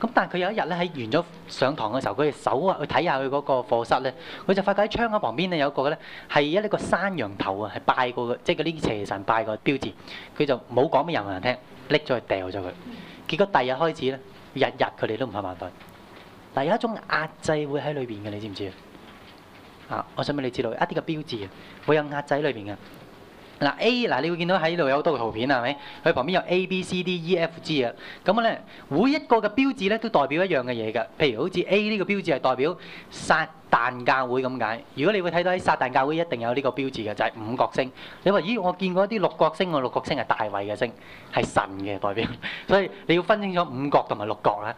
咁但係佢有一日咧喺完咗上堂嘅時候，佢哋手啊去睇下佢嗰個課室咧，佢就發覺喺窗口旁邊咧有一個咧係一個山羊頭啊，係拜過嘅，即係嗰啲邪神拜過嘅標誌，佢就冇講俾任何人聽，拎咗去掉咗佢。結果第二日開始咧，日日佢哋都唔瞌眼瞓。嗱，但有一種壓制會喺裏邊嘅，你知唔知啊？啊，我想俾你知道一啲嘅標誌啊，會有壓制裏邊嘅。嗱 A，嗱你會見到喺呢度有好多圖片，係咪？佢旁邊有 A、B、C、D、E、F、G 啊。咁啊咧，每一個嘅標誌咧都代表一樣嘅嘢㗎。譬如好似 A 呢個標誌係代表撒旦教會咁解。如果你會睇到喺撒旦教會一定有呢個標誌嘅，就係五角星。你話咦，我見過一啲六角星，我六角星係大衛嘅星，係神嘅代表。所以你要分清楚五角同埋六角啦。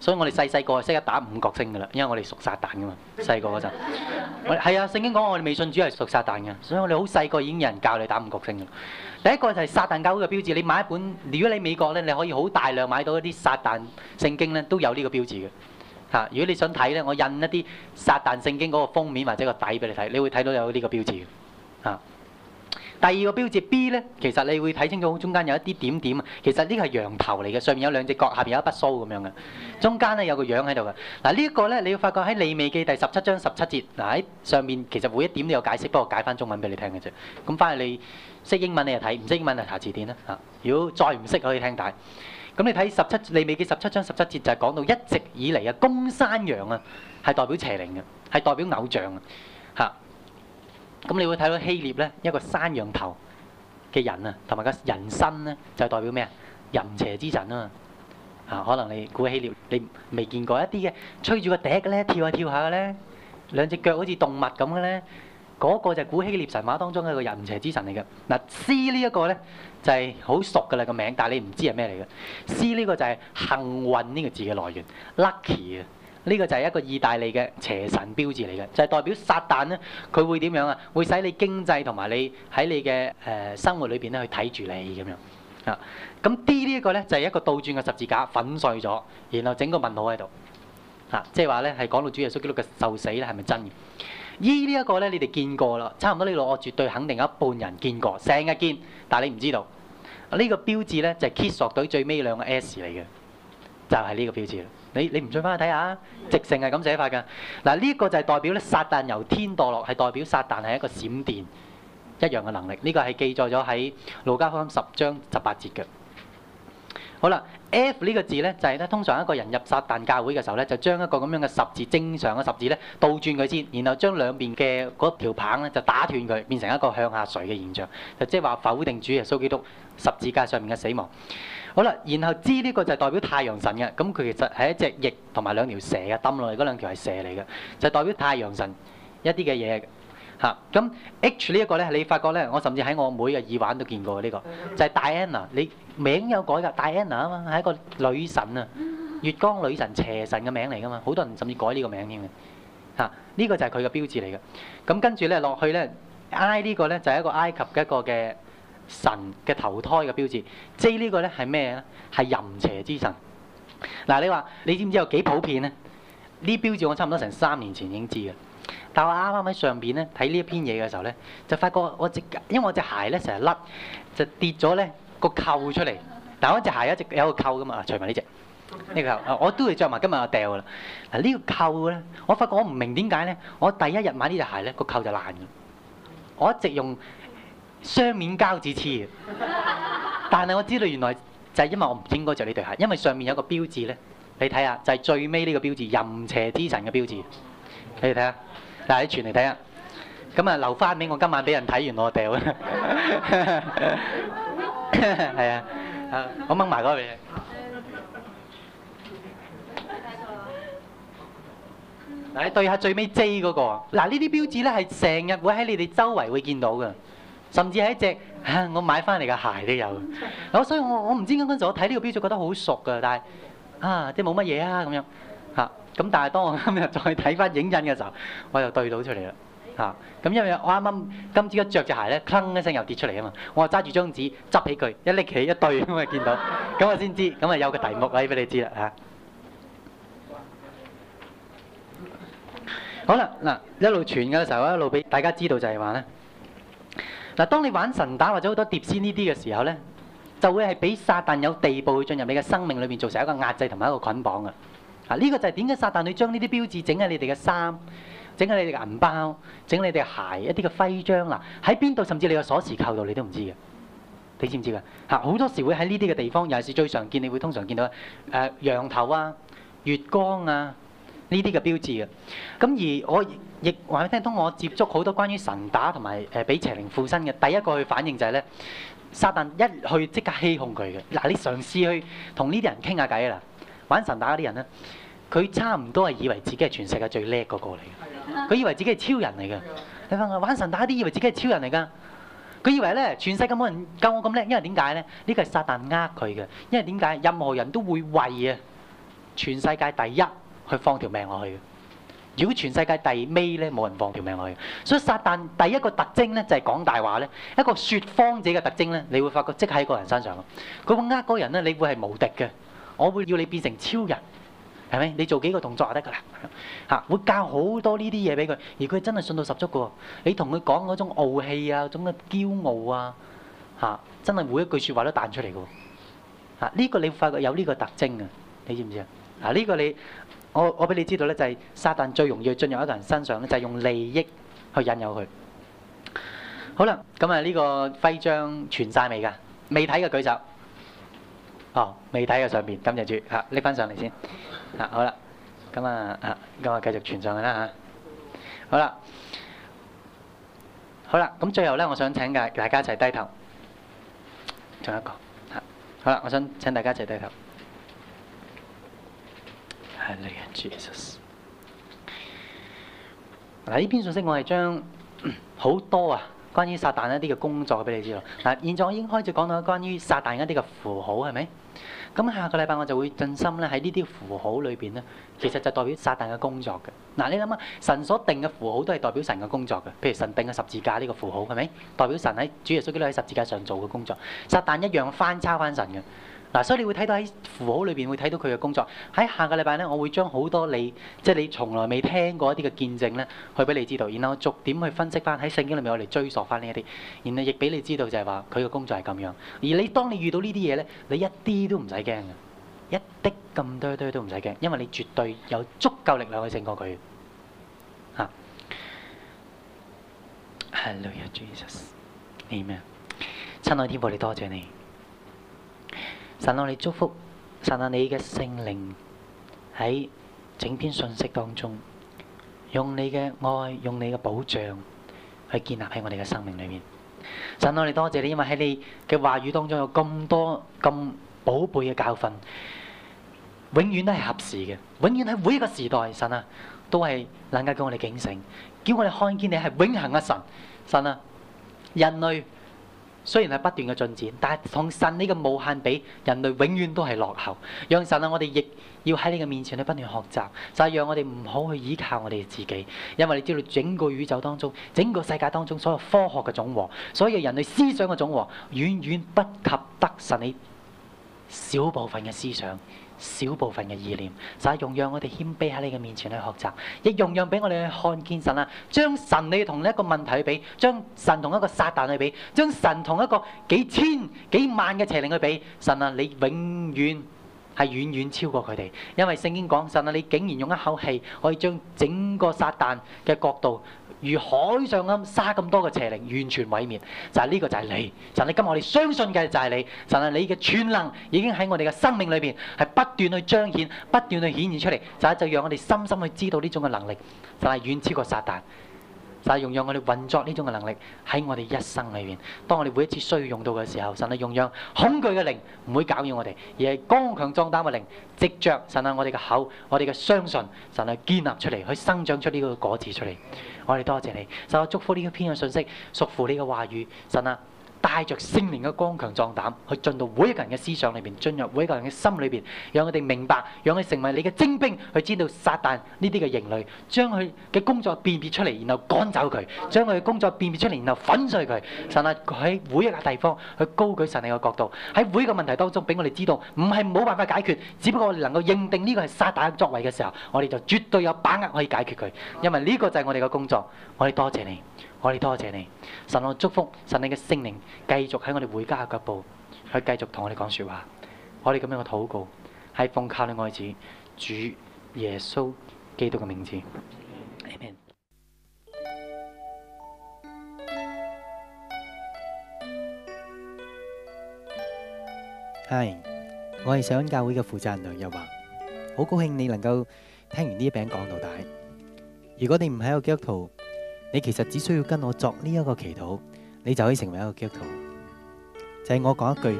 所以我哋細細個就識得打五角星噶啦，因為我哋屬撒旦噶嘛，細個嗰陣，係啊，聖經講我哋未信主係屬撒旦嘅，所以我哋好細個已經有人教你打五角星啦。第一個就係撒旦教會嘅標誌，你買一本，如果你美國咧，你可以好大量買到一啲撒旦聖經咧，都有呢個標誌嘅嚇。如果你想睇咧，我印一啲撒旦聖經嗰個封面或者個底俾你睇，你會睇到有呢個標誌嘅嚇。第二個標誌 B 咧，其實你會睇清楚，中間有一啲點點啊。其實呢個係羊頭嚟嘅，上邊有兩隻角，下邊有一筆鬚咁樣嘅。中間咧有個樣喺度嘅。嗱呢一個咧，你要發覺喺利未記第十七章十七節，嗱喺上邊其實每一點都有解釋，不過解翻中文俾你聽嘅啫。咁翻嚟你識英文你就睇，唔識英文就查字典啦。嚇，如果再唔識可以聽大。咁你睇十七利未記十七章十七節就係講到一直以嚟啊公山羊啊係代表邪靈嘅，係代表偶像啊嚇。咁你會睇到希臘咧一個山羊頭嘅人啊，同埋個人身咧就係代表咩啊？淫邪之神啊！啊，可能你古希臘你未見過一啲嘅吹住個笛嘅咧，跳下跳下嘅咧，兩隻腳好似動物咁嘅咧，嗰個就係古希臘神話當中嘅一個淫邪之神嚟嘅。嗱，C 呢一個咧，就係好熟嘅啦個名，但係你唔知係咩嚟嘅。C 呢個就係幸運呢個字嘅來源，lucky 啊！呢個就係一個意大利嘅邪神標誌嚟嘅，就係、是、代表撒旦咧，佢會點樣啊？會使你經濟同埋你喺你嘅誒、呃、生活裏邊咧，去睇住你咁樣啊。咁 D 這個呢一個咧，就係、是、一個倒轉嘅十字架粉碎咗，然後整個問號喺度啊，即係話咧係講到主耶穌基督嘅受死咧，係咪真嘅？E 呢一個咧，你哋見過啦，差唔多呢度，我絕對肯定有一半人見過，成日見，但係你唔知道呢、啊這個標誌咧，就係 Kiss 樂隊最尾兩個 S 嚟嘅，就係、是、呢個標誌啦。你你唔信翻去睇下，直情係咁寫法㗎。嗱、啊、呢、這個就係代表咧，撒但由天墮落係代表撒但係一個閃電一樣嘅能力。呢、這個係記載咗喺《路加福音》十章十八節嘅。好啦，F 呢個字咧就係、是、咧，通常一個人入撒但教會嘅時候咧，就將一個咁樣嘅十字正常嘅十字咧倒轉佢先，然後將兩邊嘅嗰條棒咧就打斷佢，變成一個向下垂嘅現象，就即係話否定主耶穌基督十字架上面嘅死亡。好啦，然後 G 呢個就係代表太陽神嘅，咁佢其實係一隻翼同埋兩條蛇嘅，掟落嚟嗰兩條係蛇嚟嘅，就係代表太陽神一啲嘅嘢嘅。嚇，咁 H 呢一個咧，你發覺咧，我甚至喺我妹嘅耳環都見過呢個，就係戴安娜啊，你名有改㗎，戴安娜啊嘛，係一個女神啊，月光女神、邪神嘅名嚟㗎嘛，好多人甚至改呢個名添嘅。嚇，呢個就係佢嘅標誌嚟嘅。咁跟住咧落去咧，I 呢個咧就係一個埃及嘅一個嘅。神嘅投胎嘅標誌，即係呢個咧係咩咧？係淫邪之神。嗱、啊，你話你知唔知有幾普遍咧？呢標誌我差唔多成三年前已經知嘅，但我啱啱喺上邊咧睇呢一篇嘢嘅時候咧，就發覺我只因為我隻鞋咧成日甩，就跌咗咧個扣出嚟。但我隻鞋一直有一個扣噶嘛，除埋呢隻呢個、呢個扣，我都係着埋，今日我掉啦。嗱、啊，呢、呢個扣咧，我發覺我唔明點解咧，我第一日買呢隻鞋咧個扣就爛嘅，我一直用。雙面膠紙黐嘅，但係我知道原來就係因為我唔應該著呢對鞋，因為上面有個標誌咧。你睇下就係、是、最尾呢個標誌，淫邪之神嘅標誌。你睇下，嗱，你傳嚟睇下。咁啊，留翻俾我今晚俾人睇完，我掉啦。係啊，我掹埋嗰個畀你。嗱，你對下最尾 J 嗰、那個。嗱，呢啲標誌咧係成日會喺你哋周圍會見到嘅。甚至係一隻我買翻嚟嘅鞋都有，咁所以我我唔知嗰陣時我睇呢個標誌覺得好熟嘅，但係啊，即係冇乜嘢啊咁樣嚇。咁但係當我今日再睇翻影印嘅時候，我又對到出嚟啦嚇。咁因為我啱啱今朝一著隻鞋咧，吭一聲又跌出嚟啊嘛。我就揸住張紙執起佢，一拎起一對咁啊見到，咁我先知，咁啊有個題目啊，要俾你知啦嚇。好啦，嗱，一路傳嘅時候一路俾大家知道就係話咧。嗱，當你玩神打或者好多碟仙呢啲嘅時候咧，就會係俾撒旦有地步去進入你嘅生命裏面，造成一個壓制同埋一個捆綁嘅。啊，呢個就係點解撒旦會將呢啲標誌整喺你哋嘅衫、整喺你哋嘅銀包、整你哋鞋一啲嘅徽章啦。喺邊度甚至你個鎖匙扣度你都唔知嘅。你知唔知噶？嚇，好多時會喺呢啲嘅地方，尤其是最常見，你會通常見到誒、呃、羊頭啊、月光啊呢啲嘅標誌嘅。咁而我，亦話俾你聽，當我接觸好多關於神打同埋誒俾邪靈附身嘅，第一個去反應就係、是、咧，撒旦一去即刻欺控佢嘅。嗱，你嘗試去同呢啲人傾下偈啊啦，玩神打嗰啲人咧，佢差唔多係以為自己係全世界最叻嗰個嚟嘅，佢以為自己係超人嚟嘅。你問我玩神打啲以為自己係超人嚟㗎，佢的以為咧全世界冇人夠我咁叻，因為點解咧？呢個係撒旦呃佢嘅，因為點解？任何人都會為啊全世界第一去放條命落去嘅。如果全世界第尾咧，冇人放條命落去。所以撒旦第一個特徵咧，就係講大話咧。一個説謊者嘅特徵咧，你會發覺即喺個人身上。佢會呃個人咧，你會係無敵嘅。我會要你變成超人，係咪？你做幾個動作就得㗎啦。嚇，會教好多呢啲嘢俾佢，而佢真係信到十足嘅。你同佢講嗰種傲氣啊，嗰種嘅驕傲啊，嚇，真係每一句説話都彈出嚟嘅。嚇，呢個你會發覺有呢個特徵啊，你知唔知啊？嗱，呢個你。我我俾你知道咧，就係撒旦最容易進入一個人身上咧，就係用利益去引誘佢。好啦，咁啊呢個徽章傳曬未噶？未睇嘅舉手。哦，未睇嘅上邊，感謝住嚇，拎翻上嚟先。啊，好啦，咁啊啊，咁我繼續傳上去啦嚇。好啦，好啦，咁最後咧，我想請嘅大家一齊低頭。仲有一個嚇，好啦，我想請大家一齊低頭。係，你係耶穌。嗱，呢篇信息我係將好多啊，關於撒但一啲嘅工作俾你知啦。嗱，現在我已經開始講到關於撒但一啲嘅符號，係咪？咁下個禮拜我就會進深咧，喺呢啲符號裏邊咧，其實就代表撒但嘅工作嘅。嗱，你諗下，神所定嘅符號都係代表神嘅工作嘅，譬如神定嘅十字架呢個符號，係咪代表神喺主耶穌基督喺十字架上做嘅工作？撒但一樣翻抄翻神嘅。嗱、啊，所以你會睇到喺符號裏邊會睇到佢嘅工作。喺下個禮拜咧，我會將好多你即係、就是、你從來未聽過一啲嘅見證咧，去俾你知道。然後逐點去分析翻喺聖經裏面，我哋追索翻呢一啲，然後亦俾你知道就係話佢嘅工作係咁樣。而你當你遇到呢啲嘢咧，你一啲都唔使驚嘅，一滴咁多堆都唔使驚，因為你絕對有足夠力量去勝過佢。啊，哈利路亞，耶穌，阿門。親愛的天父，你多謝你。神，我哋祝福，神啊，你嘅聖靈喺整篇信息當中，用你嘅愛，用你嘅保障，去建立喺我哋嘅生命裏面。神，我哋多謝你，因為喺你嘅話語當中有咁多咁寶貝嘅教訓，永遠都係合時嘅，永遠喺每一個時代，神啊，都係能夠叫我哋警醒，叫我哋看見你係永恆嘅神。神啊，人類。雖然係不斷嘅進展，但係同神呢個無限比，人類永遠都係落後。讓神啊，我哋亦要喺你嘅面前咧不斷學習，就係讓我哋唔好去依靠我哋自己，因為你知道整個宇宙當中、整個世界當中所有科學嘅總和，所有人類思想嘅總和，遠遠不及得神你小部分嘅思想。小部分嘅意念，就係用讓我哋謙卑喺你嘅面前去學習，亦容讓俾我哋去看見神啊！將神你同一個問題去比，將神同一個撒旦去比，將神同一個幾千、幾萬嘅邪靈去比，神啊！你永遠係遠遠超過佢哋，因為聖經講神啊！你竟然用一口氣可以將整個撒旦嘅國度，如海上咁沙咁多嘅邪靈完全毀滅，神、這、呢個就係你，神你今日我哋相信嘅就係你，神係你嘅全能已經喺我哋嘅生命裏邊係不斷去彰顯，不斷去顯現出嚟，就神就讓我哋深深去知道呢種嘅能力，神，係遠超過撒旦，神係用讓我哋運作呢種嘅能力喺我哋一生裏面。當我哋每一次需要用到嘅時候，神係用讓恐懼嘅靈唔會搞擾我哋，而係剛強壯膽嘅靈，藉着神喺我哋嘅口，我哋嘅相信，神係建立出嚟去生長出呢個果子出嚟。我哋多謝你，就祝福呢個篇嘅信息屬乎呢個話語，神啊！帶着聖靈嘅剛強壯膽，去進到每一個人嘅思想裏邊，進入每一個人嘅心裏邊，讓佢哋明白，讓佢成為你嘅精兵，去知道撒但呢啲嘅形類，將佢嘅工作辨別出嚟，然後趕走佢，將佢嘅工作辨別出嚟，然後粉碎佢。神啊，喺每一個地方去高舉神你嘅角度，喺每一個問題當中俾我哋知道，唔係冇辦法解決，只不過我哋能夠認定呢個係撒但嘅作為嘅時候，我哋就絕對有把握可以解決佢，因為呢個就係我哋嘅工作。我哋多謝你。我哋多謝你。神，我祝福神你嘅聖靈繼續喺我哋回家嘅腳步，去繼續同我哋講說話。我哋咁樣嘅禱告，係奉靠你愛子主耶穌基督嘅名字。Amen。係，我係錫安教會嘅負責人梁日華，好高興你能夠聽完呢一篇講道。如果你唔係個基督徒，你其實只需要跟我作呢一個祈禱，你就可以成為一個基督徒。就係我講一句，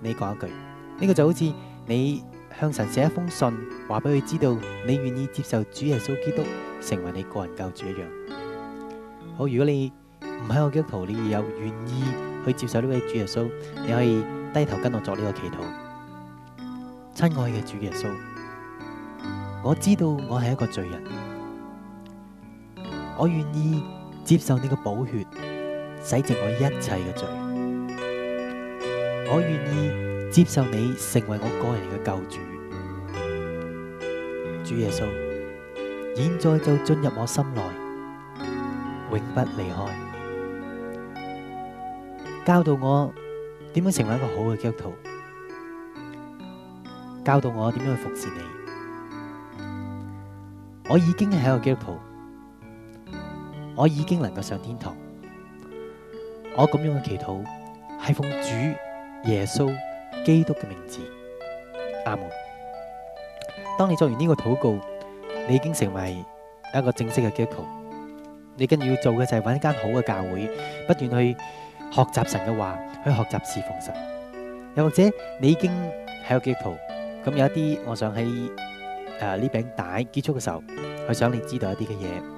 你講一句，呢個就好似你向神寫一封信，話俾佢知道你願意接受主耶穌基督成為你個人救主一樣。好，如果你唔係一個基督徒，你有願意去接受呢位主耶穌，你可以低頭跟我作呢個祈禱。親愛嘅主耶穌，我知道我係一個罪人。我願意接受你嘅寶血，洗淨我一切嘅罪。我願意接受你成為我個人嘅救主，主耶穌，現在就進入我心內，永不離開。教導我點樣成為一個好嘅基督徒，教導我點樣去服侍你。我已經係一個基督徒。我已經能夠上天堂。我咁樣嘅祈禱係奉主耶穌基督嘅名字，阿門。當你做完呢個禱告，你已經成為一個正式嘅基督徒。你跟住要做嘅就係揾一間好嘅教會，不斷去學習神嘅話，去學習侍奉神。又或者你已經係一個基督徒，咁有一啲，我想喺誒呢餅帶結束嘅時候，去想你知道一啲嘅嘢。